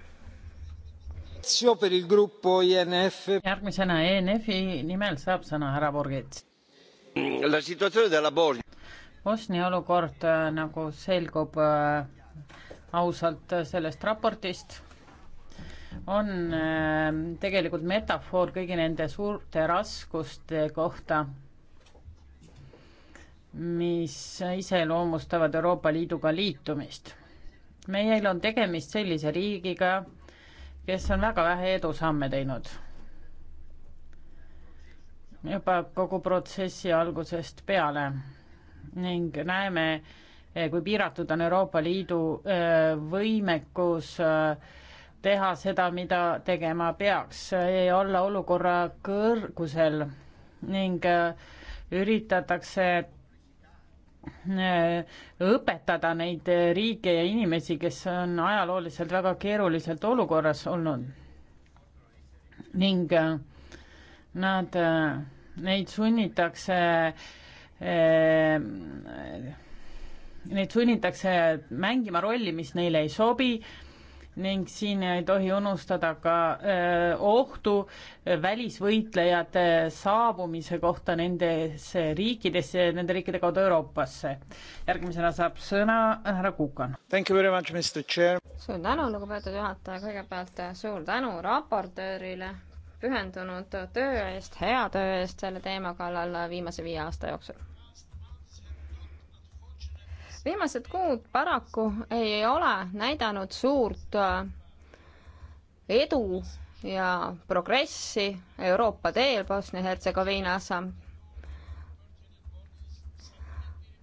Speaker 6: järgmisena ENF-i nimel saab sõna härra Burgits. Bosnia olukord, äh, nagu selgub äh, ausalt sellest raportist, on tegelikult metafoor kõigi nende suurte raskuste kohta mis iseloomustavad Euroopa Liiduga liitumist. meil on tegemist sellise riigiga, kes on väga vähe edusamme teinud. juba kogu protsessi algusest peale ning näeme, kui piiratud on Euroopa Liidu äh, võimekus äh, teha seda, mida tegema peaks, olla olukorra kõrgusel ning äh, üritatakse Äh, õpetada neid riike ja inimesi, kes on ajalooliselt väga keeruliselt olukorras olnud. ning äh, nad, äh, neid sunnitakse, neid sunnitakse mängima rolli, mis neile ei sobi ning siin ei tohi unustada ka öö, äh, ohtu välisvõitlejate saabumise kohta nendesse riikidesse, nende riikide kaudu Euroopasse. järgmisena saab sõna härra Kukan.
Speaker 5: suur tänu, lugupeetud juhataja, kõigepealt äh, suur tänu raportöörile pühendunud töö eest, hea töö eest selle teema kallal viimase viie aasta jooksul viimased kuud paraku ei ole näidanud suurt äh, edu ja progressi Euroopa teel Bosnia-Hertsegoviinas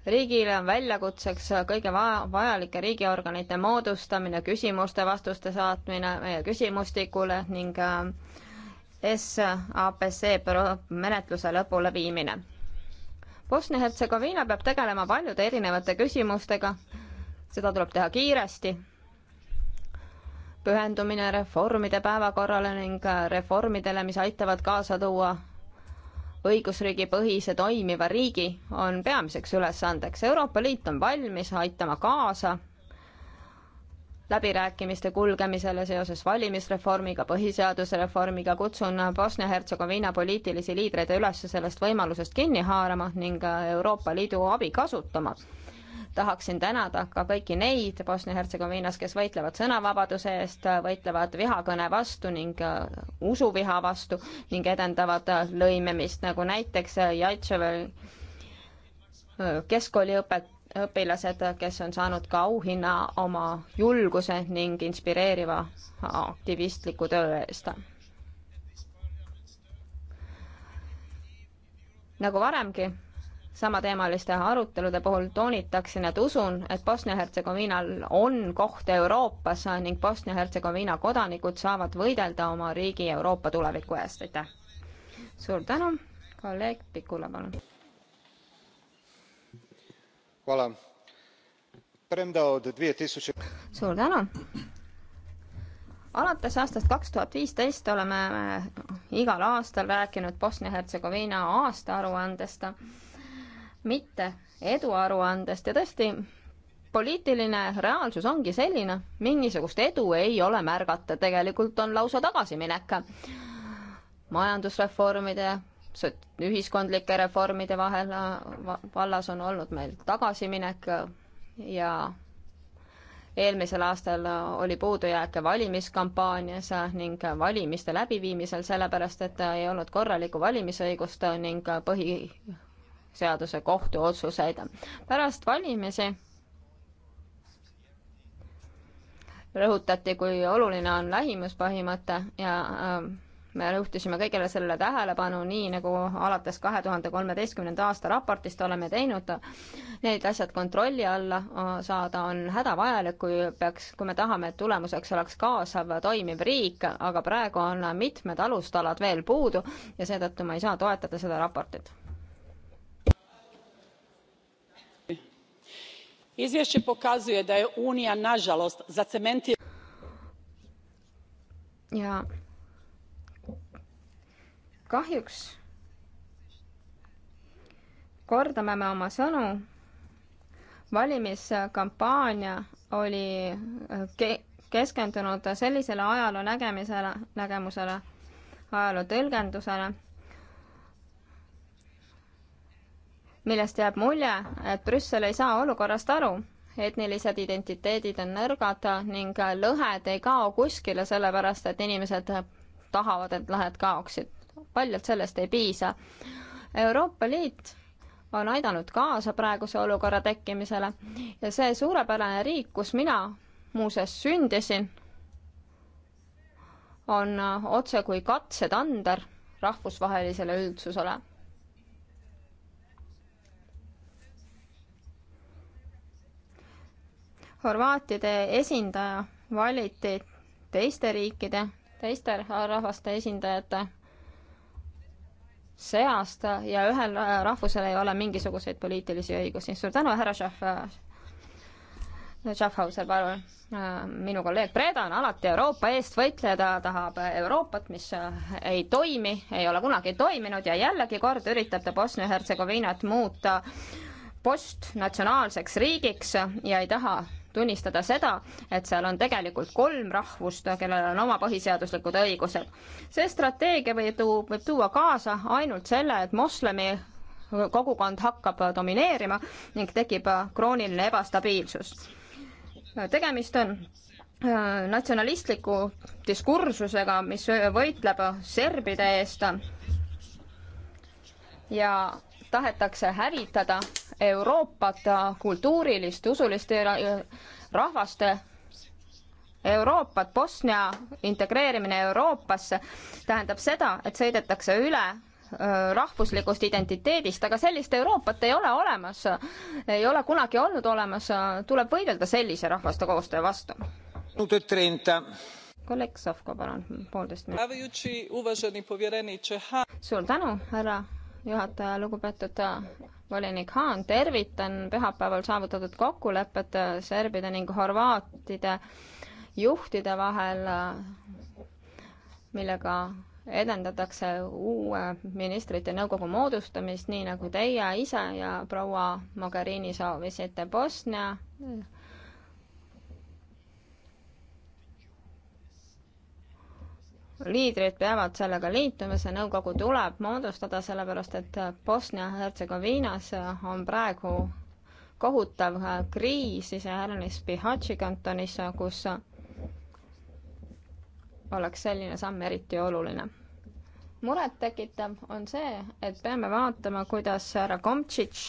Speaker 5: riigile on väljakutseks kõige va vajalike riigiorganite moodustamine, küsimuste-vastuste saatmine meie küsimustikule ning äh, SAPC menetluse lõpuleviimine. Bosnia-Hertsegoviina peab tegelema paljude erinevate küsimustega, seda tuleb teha kiiresti. pühendumine reformide päevakorrale ning reformidele, mis aitavad kaasa tuua õigusriigi põhise toimiva riigi, on peamiseks ülesandeks. Euroopa Liit on valmis aitama kaasa läbirääkimiste kulgemisele seoses valimisreformiga, põhiseaduse reformiga, kutsun Bosnia-Hertsegoviina poliitilisi liidreid üles sellest võimalusest kinni haarama ning Euroopa Liidu abi kasutama. tahaksin tänada ka kõiki neid Bosnia-Hertsegoviinas, kes võitlevad sõnavabaduse eest, võitlevad vihakõne vastu ning äh, usuviha vastu ning edendavad lõimimist, nagu näiteks Jaitševel äh, keskkooliõpet õpilased, kes on saanud ka auhinna oma julguse ning inspireeriva aktivistliku töö eest. nagu varemgi, samateemaliste arutelude puhul toonitaksin, et usun, et Bosnia-Hertsegoviinal on koht Euroopas ning Bosnia-Hertsegoviina kodanikud saavad võidelda oma riigi Euroopa tuleviku eest, aitäh! suur tänu, kolleeg Pikula, palun! suur tänu! alates aastast kaks tuhat viisteist oleme igal aastal rääkinud Bosnia-Hertsegoviina aastaaruandest, mitte eduaruandest ja tõesti, poliitiline reaalsus ongi selline, mingisugust edu ei ole märgata, tegelikult on lausa tagasiminek. majandusreformide ühiskondlike reformide vahel vallas on olnud meil tagasiminek ja eelmisel aastal oli puudujääke valimiskampaanias ning valimiste läbiviimisel, sellepärast et ei olnud korralikku valimisõigust ning põhiseaduse kohtuotsuseid. pärast valimisi rõhutati, kui oluline on lähimuspõhimõte ja äh, me juhtisime kõigele sellele tähelepanu, nii nagu alates kahe tuhande kolmeteistkümnenda aasta raportist oleme teinud. Need asjad kontrolli alla äh, saada on hädavajalik, kui peaks, kui me tahame, et tulemuseks oleks kaasav, toimiv riik, aga praegu on mitmed alustalad veel puudu ja seetõttu ma ei saa toetada seda raportit.
Speaker 6: izvješće pokazuje da je unija nažalost zacementirala ja
Speaker 5: kahjuks kordame me oma sõnu. valimiskampaania oli äh, ke-, keskendunud sellisele ajaloo nägemisele, nägemusele, ajaloo tõlgendusele, millest jääb mulje, et Brüssel ei saa olukorrast aru. etnilised identiteedid on nõrgad ning lõhed ei kao kuskile, sellepärast et inimesed tahavad, et lõhed kaoksid paljalt sellest ei piisa. Euroopa Liit on aidanud kaasa praeguse olukorra tekkimisele ja see suurepärane riik, kus mina muuseas sündisin, on otse kui katsetander rahvusvahelisele üldsusele. Horvaatide esindaja valiti teiste riikide, teiste rahvaste esindajate see aasta ja ühel äh, rahvusel ei ole mingisuguseid poliitilisi õigusi. suur tänu, härra Schaff-, äh, Schaffhauser, palun. Äh, minu kolleeg Breda on alati Euroopa eest võitleja, ta tahab Euroopat, mis ei toimi, ei ole kunagi toiminud ja jällegi kord üritab ta Bosnia-Hertsegoviinat muuta postnatsionaalseks riigiks ja ei taha tunnistada seda, et seal on tegelikult kolm rahvust, kellel on oma põhiseaduslikud õigused. see strateegia võib tuua, võib tuua kaasa ainult selle, et moslemi kogukond hakkab domineerima ning tekib krooniline ebastabiilsus. tegemist on äh, natsionalistliku diskursusega, mis võitleb serbide eest ja tahetakse hävitada Euroopat, kultuurilist, usulist rahvaste Euroopat, Bosnia integreerimine Euroopasse tähendab seda, et sõidetakse üle rahvuslikust identiteedist, aga sellist Euroopat ei ole olemas, ei ole kunagi olnud olemas, tuleb võidelda sellise rahvaste koostöö vastu. kolleeg Sovko, palun, poolteist
Speaker 6: minutit.
Speaker 5: suur tänu, härra juhataja, lugupeetud äh, volinik Haan, tervitan pühapäeval saavutatud kokkulepet äh, serbide ning horvaatide juhtide vahel, äh, millega edendatakse uue ministrite nõukogu moodustamist, nii nagu teie ise ja proua Mogherini soovisite Bosnia liidrid peavad sellega liituma, see nõukogu tuleb moodustada, sellepärast et Bosnia-Hertsegoviinas on praegu kohutav äh, kriis iseäranis Bihaći kantonis, kus oleks selline samm eriti oluline. murettekitav on see, et peame vaatama, kuidas härra Komtšitš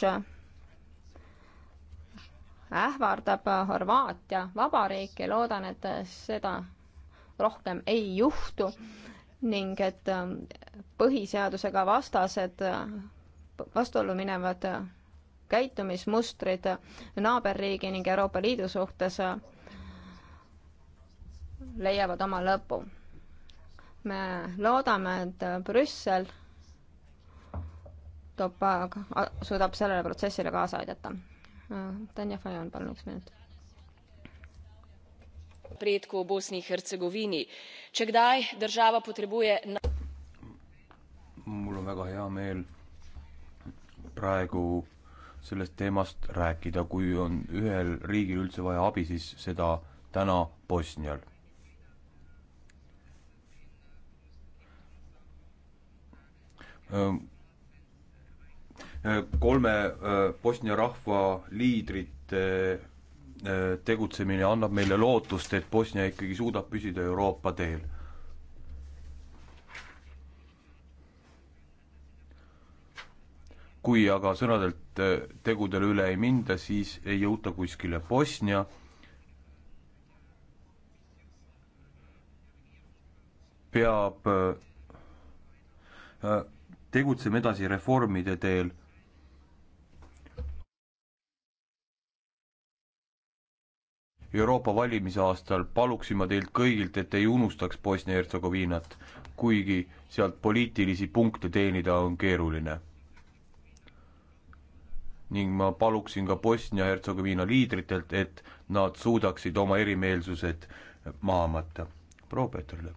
Speaker 5: ähvardab Horvaatia vabariiki, loodan, et seda rohkem ei juhtu ning et ähm, põhiseadusega vastased, äh, vastuollu minevad äh, käitumismustrid äh, naaberriigi ning Euroopa Liidu suhtes leiavad oma lõpu. me loodame, et Brüssel toob, suudab sellele protsessile kaasa aidata. Tanja Fajon, palun üks minut
Speaker 2: napredku v bosni in hercegovini. če kdaj država potrebuje.
Speaker 4: mul on väga hea meel praegu sellest teemast rääkida, kui on ühel riigil üldse vaja abi, siis seda täna Bosnial. kolme Bosnia rahva liidrite Äh, tegutsemine annab meile lootust, et Bosnia ikkagi suudab püsida Euroopa teel. kui aga sõnadelt äh, tegudele üle ei minda, siis ei jõuta kuskile. Bosnia peab äh, tegutsema edasi reformide teel Euroopa valimisaastal paluksime teilt kõigilt, et ei unustaks Bosnia-Hertsegoviinat, kuigi sealt poliitilisi punkte teenida on keeruline. ning ma paluksin ka Bosnia-Hertsegoviina liidritelt, et nad suudaksid oma erimeelsused maha matta. proua Peeterle.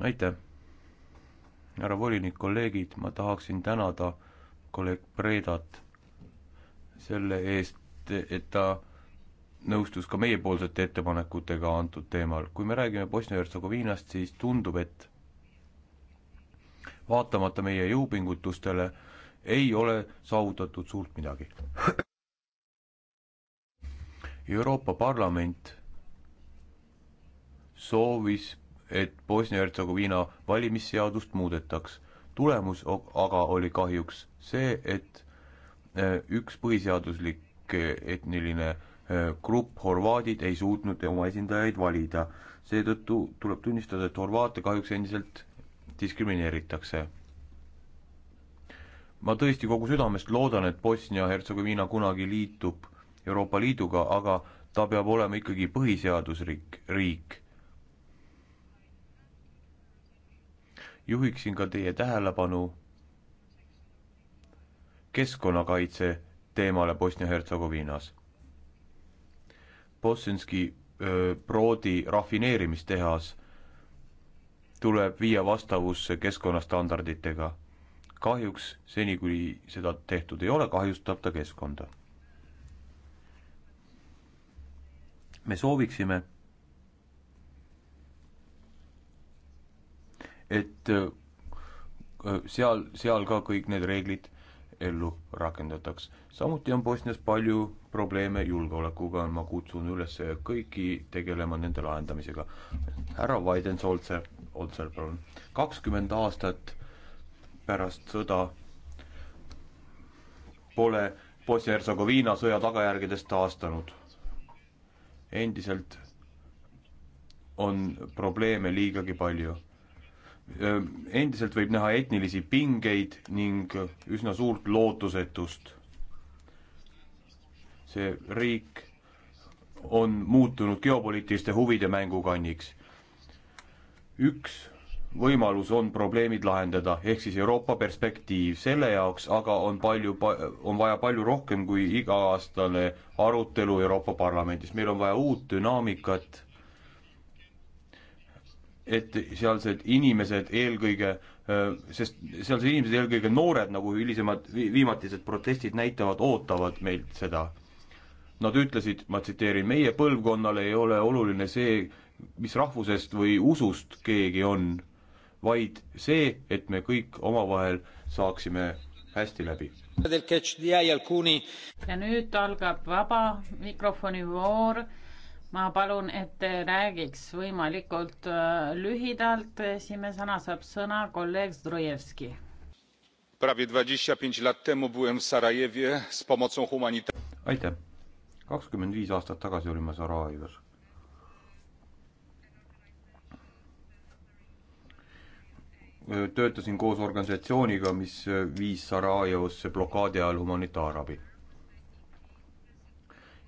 Speaker 4: aitäh. härra volinik, kolleegid, ma tahaksin tänada kolleeg Predat selle eest, et ta nõustus ka meiepoolsete ettepanekutega antud teemal. kui me räägime Bosnia-Hertsegoviinast, siis tundub, et vaatamata meie jõupingutustele ei ole saavutatud suurt midagi. Euroopa Parlament soovis, et Bosnia-Hertsegoviina valimisseadust muudetaks. tulemus aga oli kahjuks see, et eh, üks põhiseaduslik etniline eh, grupp, horvaadid, ei suutnud oma esindajaid valida. seetõttu tuleb tunnistada, et horvaate kahjuks endiselt diskrimineeritakse. ma tõesti kogu südamest loodan, et Bosnia-Hertsegoviina kunagi liitub Euroopa Liiduga, aga ta peab olema ikkagi põhiseadusriik, riik. juhiksin ka teie tähelepanu keskkonnakaitse teemale Bosnia-Hertsegoviinas. Bosenski Broodi rafineerimistehas tuleb viia vastavusse keskkonnastandarditega. kahjuks seni, kuni seda tehtud ei ole, kahjustab ta keskkonda. me sooviksime, et seal, seal ka kõik need reeglid ellu rakendataks. samuti on Bosnias palju probleeme julgeolekuga, ma kutsun üles kõiki tegelema nende lahendamisega. härra Weidensolzer, Otser, palun. kakskümmend aastat pärast sõda pole Bosnia-Hertsegoviina sõja tagajärgedest taastunud. endiselt on probleeme liigagi palju Äh, endiselt võib näha etnilisi pingeid ning üsna suurt lootusetust. see riik on muutunud geopoliitiliste huvide mängukanniks. üks võimalus on probleemid lahendada, ehk siis Euroopa perspektiiv, selle jaoks aga on palju, on vaja palju rohkem kui iga-aastane arutelu Euroopa Parlamendis, meil on vaja uut dünaamikat et sealsed inimesed eelkõige, sest sealsed inimesed, eelkõige noored, nagu hilisemad viimatised protestid näitavad, ootavad meilt seda. Nad ütlesid, ma tsiteerin, meie põlvkonnale ei ole oluline see, mis rahvusest või usust keegi on, vaid see, et me kõik omavahel saaksime hästi läbi.
Speaker 6: ja nüüd algab vaba mikrofoni voor ma palun, et te räägiks võimalikult äh, lühidalt. esimesena saab sõna kolleeg Zdrojevski.
Speaker 4: prawie dwadzieścia pięć lat temu byłem w Sarajewie z pomocą humanita-. aitäh, kakskümmend viis aastat tagasi olin ma Sarajevas. töötasin koos organisatsiooniga, mis viis Sarajevosse blokaadi ajal humanitaarabi.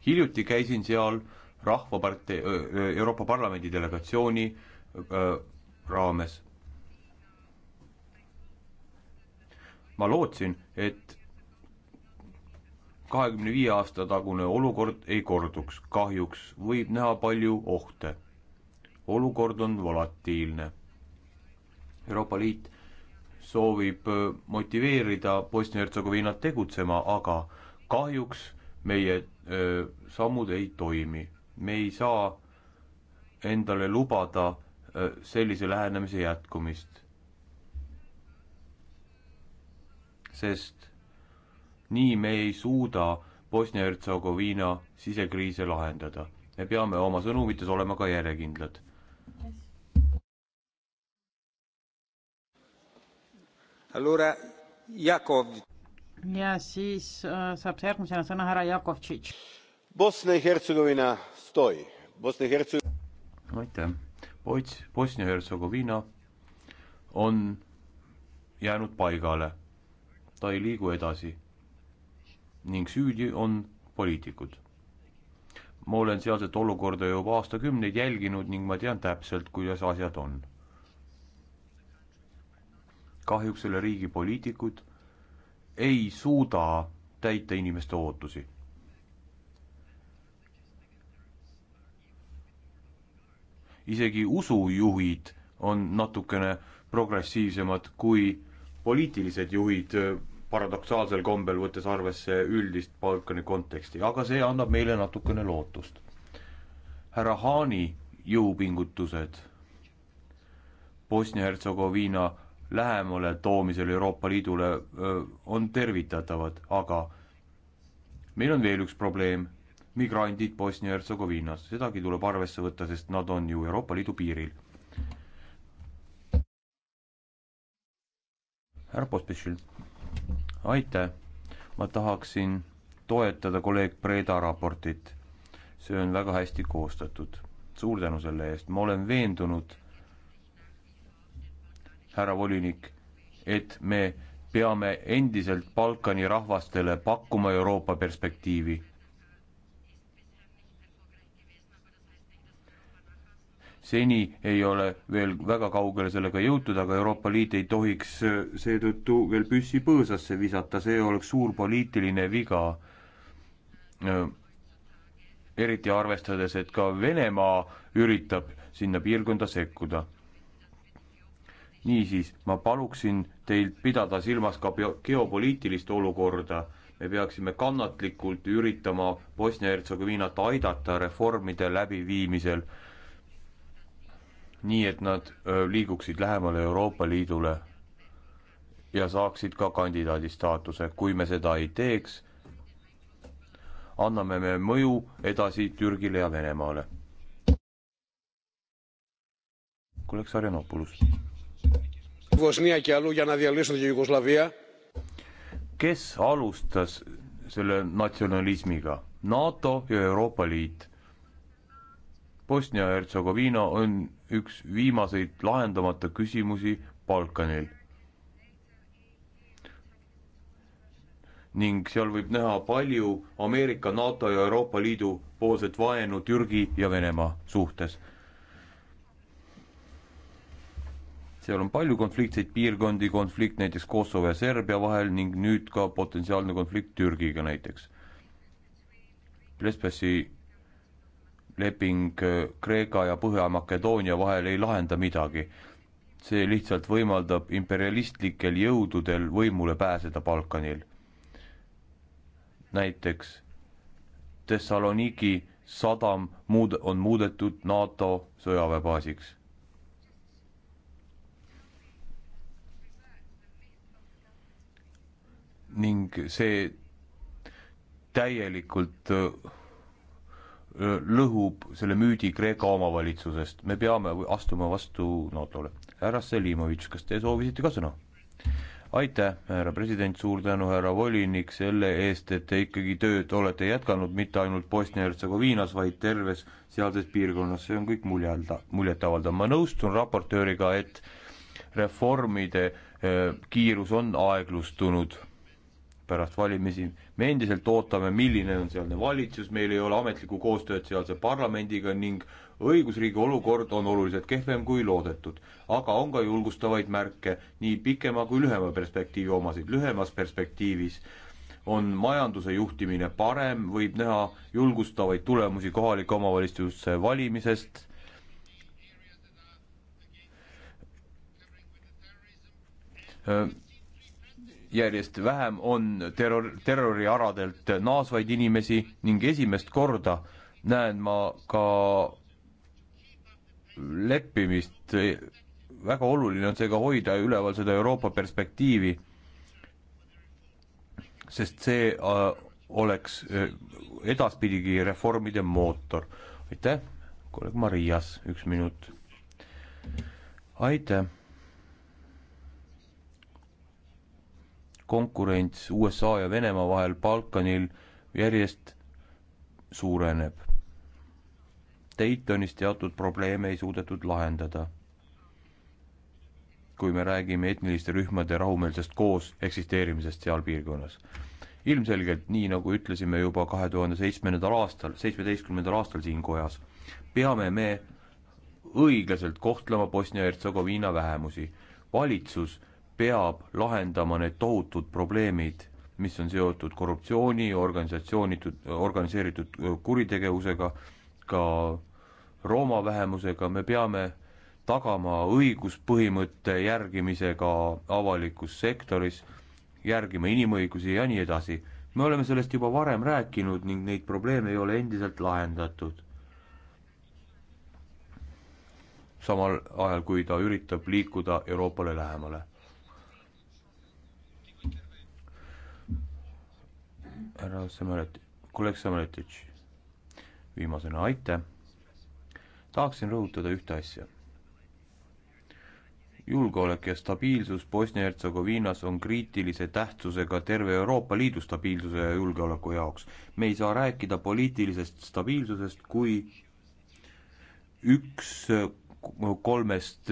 Speaker 4: hiljuti käisin seal rahvapartei, Euroopa Parlamendi delegatsiooni öö, raames. ma lootsin, et kahekümne viie aasta tagune olukord ei korduks, kahjuks võib näha palju ohte. olukord on volatiilne. Euroopa Liit soovib motiveerida Bosnia-Hertsegoviinat tegutsema, aga kahjuks meie öö, sammud ei toimi me ei saa endale lubada äh, sellise lähenemise jätkumist. sest nii me ei suuda Bosnia-Hertsegoviina sisekriise lahendada. me peame oma sõnumites olema ka järjekindlad. Allora Jakov.
Speaker 6: ja siis äh, saab järgmisena sõna härra Jakovtšitš
Speaker 4: Bosna i Hertsegoviina stoji. Bosna i Hertseg-. aitäh. Pots-, Bosnia-Hertsegoviina on jäänud paigale. ta ei liigu edasi. ning süüdi on poliitikud. ma olen sealset olukorda juba aastakümneid jälginud ning ma tean täpselt, kuidas asjad on. kahjuks selle riigi poliitikud ei suuda täita inimeste ootusi isegi usujuhid on natukene progressiivsemad kui poliitilised juhid, äh, paradoksaalsel kombel, võttes arvesse üldist Balkani konteksti, aga see annab meile natukene lootust. härra Haani jõupingutused Bosnia-Hertsegoviina lähemale toomisel Euroopa Liidule öö, äh, on tervitatavad, aga meil on veel üks probleem, migrandid Bosnia-Hertsegoviinas, sedagi tuleb arvesse võtta, sest nad on ju Euroopa Liidu piiril. härra Pospišil, aitäh, ma tahaksin toetada kolleeg Preda raportit. see on väga hästi koostatud, suur tänu selle eest, ma olen veendunud, härra volinik, et me peame endiselt Balkani rahvastele pakkuma Euroopa perspektiivi seni ei ole veel väga kaugele sellega jõutud, aga Euroopa Liit ei tohiks äh, seetõttu veel püssi põõsasse visata, see oleks suur poliitiline viga. Äh, eriti arvestades, et ka Venemaa üritab sinna piirkonda sekkuda. niisiis, ma paluksin teilt pidada silmas ka geopoliitilist olukorda, me peaksime kannatlikult üritama Bosnia-Hertsegoviinat aidata reformide läbiviimisel nii et nad liiguksid lähemale Euroopa Liidule ja saaksid ka kandidaadi staatuse. kui me seda ei teeks, anname me mõju edasi Türgile ja Venemaale. kolleeg Sarjanopoulos. kes alustas selle natsionalismiga? NATO ja Euroopa Liit. Bosnia-Hertsegoviina on üks viimaseid lahendamata küsimusi Balkanil. ning seal võib näha palju Ameerika, NATO ja Euroopa Liidu poolset vaenu Türgi ja Venemaa suhtes. seal on palju konfliktseid piirkondi, konflikt näiteks Kosovo ja Serbia vahel ning nüüd ka potentsiaalne konflikt Türgiga näiteks. Lesbesi leping äh, Kreeka ja Põhja-Makedoonia vahel ei lahenda midagi. see lihtsalt võimaldab imperialistlikel jõududel võimule pääseda Balkanil. näiteks Thessaloniki sadam muud-, on muudetud NATO sõjaväebaasiks. ning see täielikult äh, lõhub selle müüdi Kreeka omavalitsusest, me peame astuma vastu NATO-le. härra Selimovitš, kas te soovisite ka sõna? aitäh, härra president, suur tänu, härra volinik, selle eest, et te ikkagi tööd olete jätkanud mitte ainult Bosnia-Hertsegoviinas, vaid terves sealses piirkonnas, see on kõik muljelda, muljetavaldav. ma nõustun raportööriga, et reformide kiirus on aeglustunud pärast valimisi, me endiselt ootame, milline on sealne valitsus, meil ei ole ametlikku koostööd sealse parlamendiga ning õigusriigi olukord on oluliselt kehvem kui loodetud. aga on ka julgustavaid märke, nii pikema kui lühema perspektiivi omasid, lühemas perspektiivis on majanduse juhtimine parem, võib näha julgustavaid tulemusi kohalike omavalitsuste valimisest, järjest vähem on terror, terrorialadelt naasvaid inimesi ning esimest korda näen ma ka leppimist, väga oluline on seega hoida üleval seda Euroopa perspektiivi, sest see äh, oleks äh, edaspidigi reformide mootor. aitäh, kolleeg Marias, üks minut. aitäh konkurents USA ja Venemaa vahel Balkanil järjest suureneb. Daytonis teatud probleeme ei suudetud lahendada. kui me räägime etniliste rühmade rahumeelsest koos eksisteerimisest seal piirkonnas. ilmselgelt, nii nagu ütlesime juba kahe tuhande seitsmendal aastal, seitsmeteistkümnendal aastal siin kojas, peame me õiglaselt kohtlema Bosnia-Hertsegoviina vähemusi. valitsus peab lahendama need tohutud probleemid, mis on seotud korruptsiooni, organisatsioonitud, organiseeritud kuritegevusega, ka Rooma vähemusega, me peame tagama õiguspõhimõtte järgimise ka avalikus sektoris, järgima inimõigusi ja nii edasi. me oleme sellest juba varem rääkinud ning neid probleeme ei ole endiselt lahendatud. samal ajal, kui ta üritab liikuda Euroopale lähemale härra Samalet-, kolleeg Samaletitš, viimasena aitäh. tahaksin rõhutada ühte asja. julgeolek ja stabiilsus Bosnia-Hertsegoviinas on kriitilise tähtsusega terve Euroopa Liidu stabiilsuse ja julgeoleku jaoks. me ei saa rääkida poliitilisest stabiilsusest, kui üks kolmest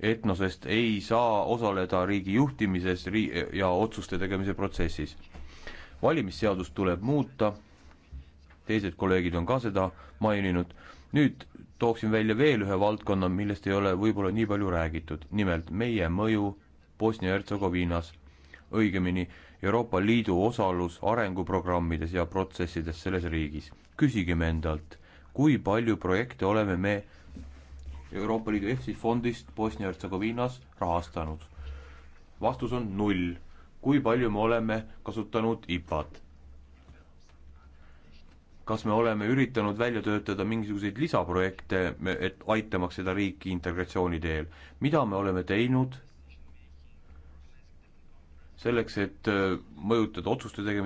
Speaker 4: etnosest ei saa osaleda riigi juhtimises ri- ja otsuste tegemise protsessis valimisseadust tuleb muuta, teised kolleegid on ka seda maininud, nüüd tooksin välja veel ühe valdkonna, millest ei ole võib-olla nii palju räägitud, nimelt meie mõju Bosnia-Hertsegoviinas, õigemini Euroopa Liidu osalus arenguprogrammides ja protsessides selles riigis. küsigem endalt, kui palju projekte oleme me Euroopa Liidu EFSI fondist Bosnia-Hertsegoviinas rahastanud? vastus on null kui palju me oleme kasutanud IPA-t? kas me oleme üritanud välja töötada mingisuguseid lisaprojekte, et aitamaks seda riiki integratsiooni teel, mida me oleme teinud selleks, et äh, mõjutada otsuste tegemist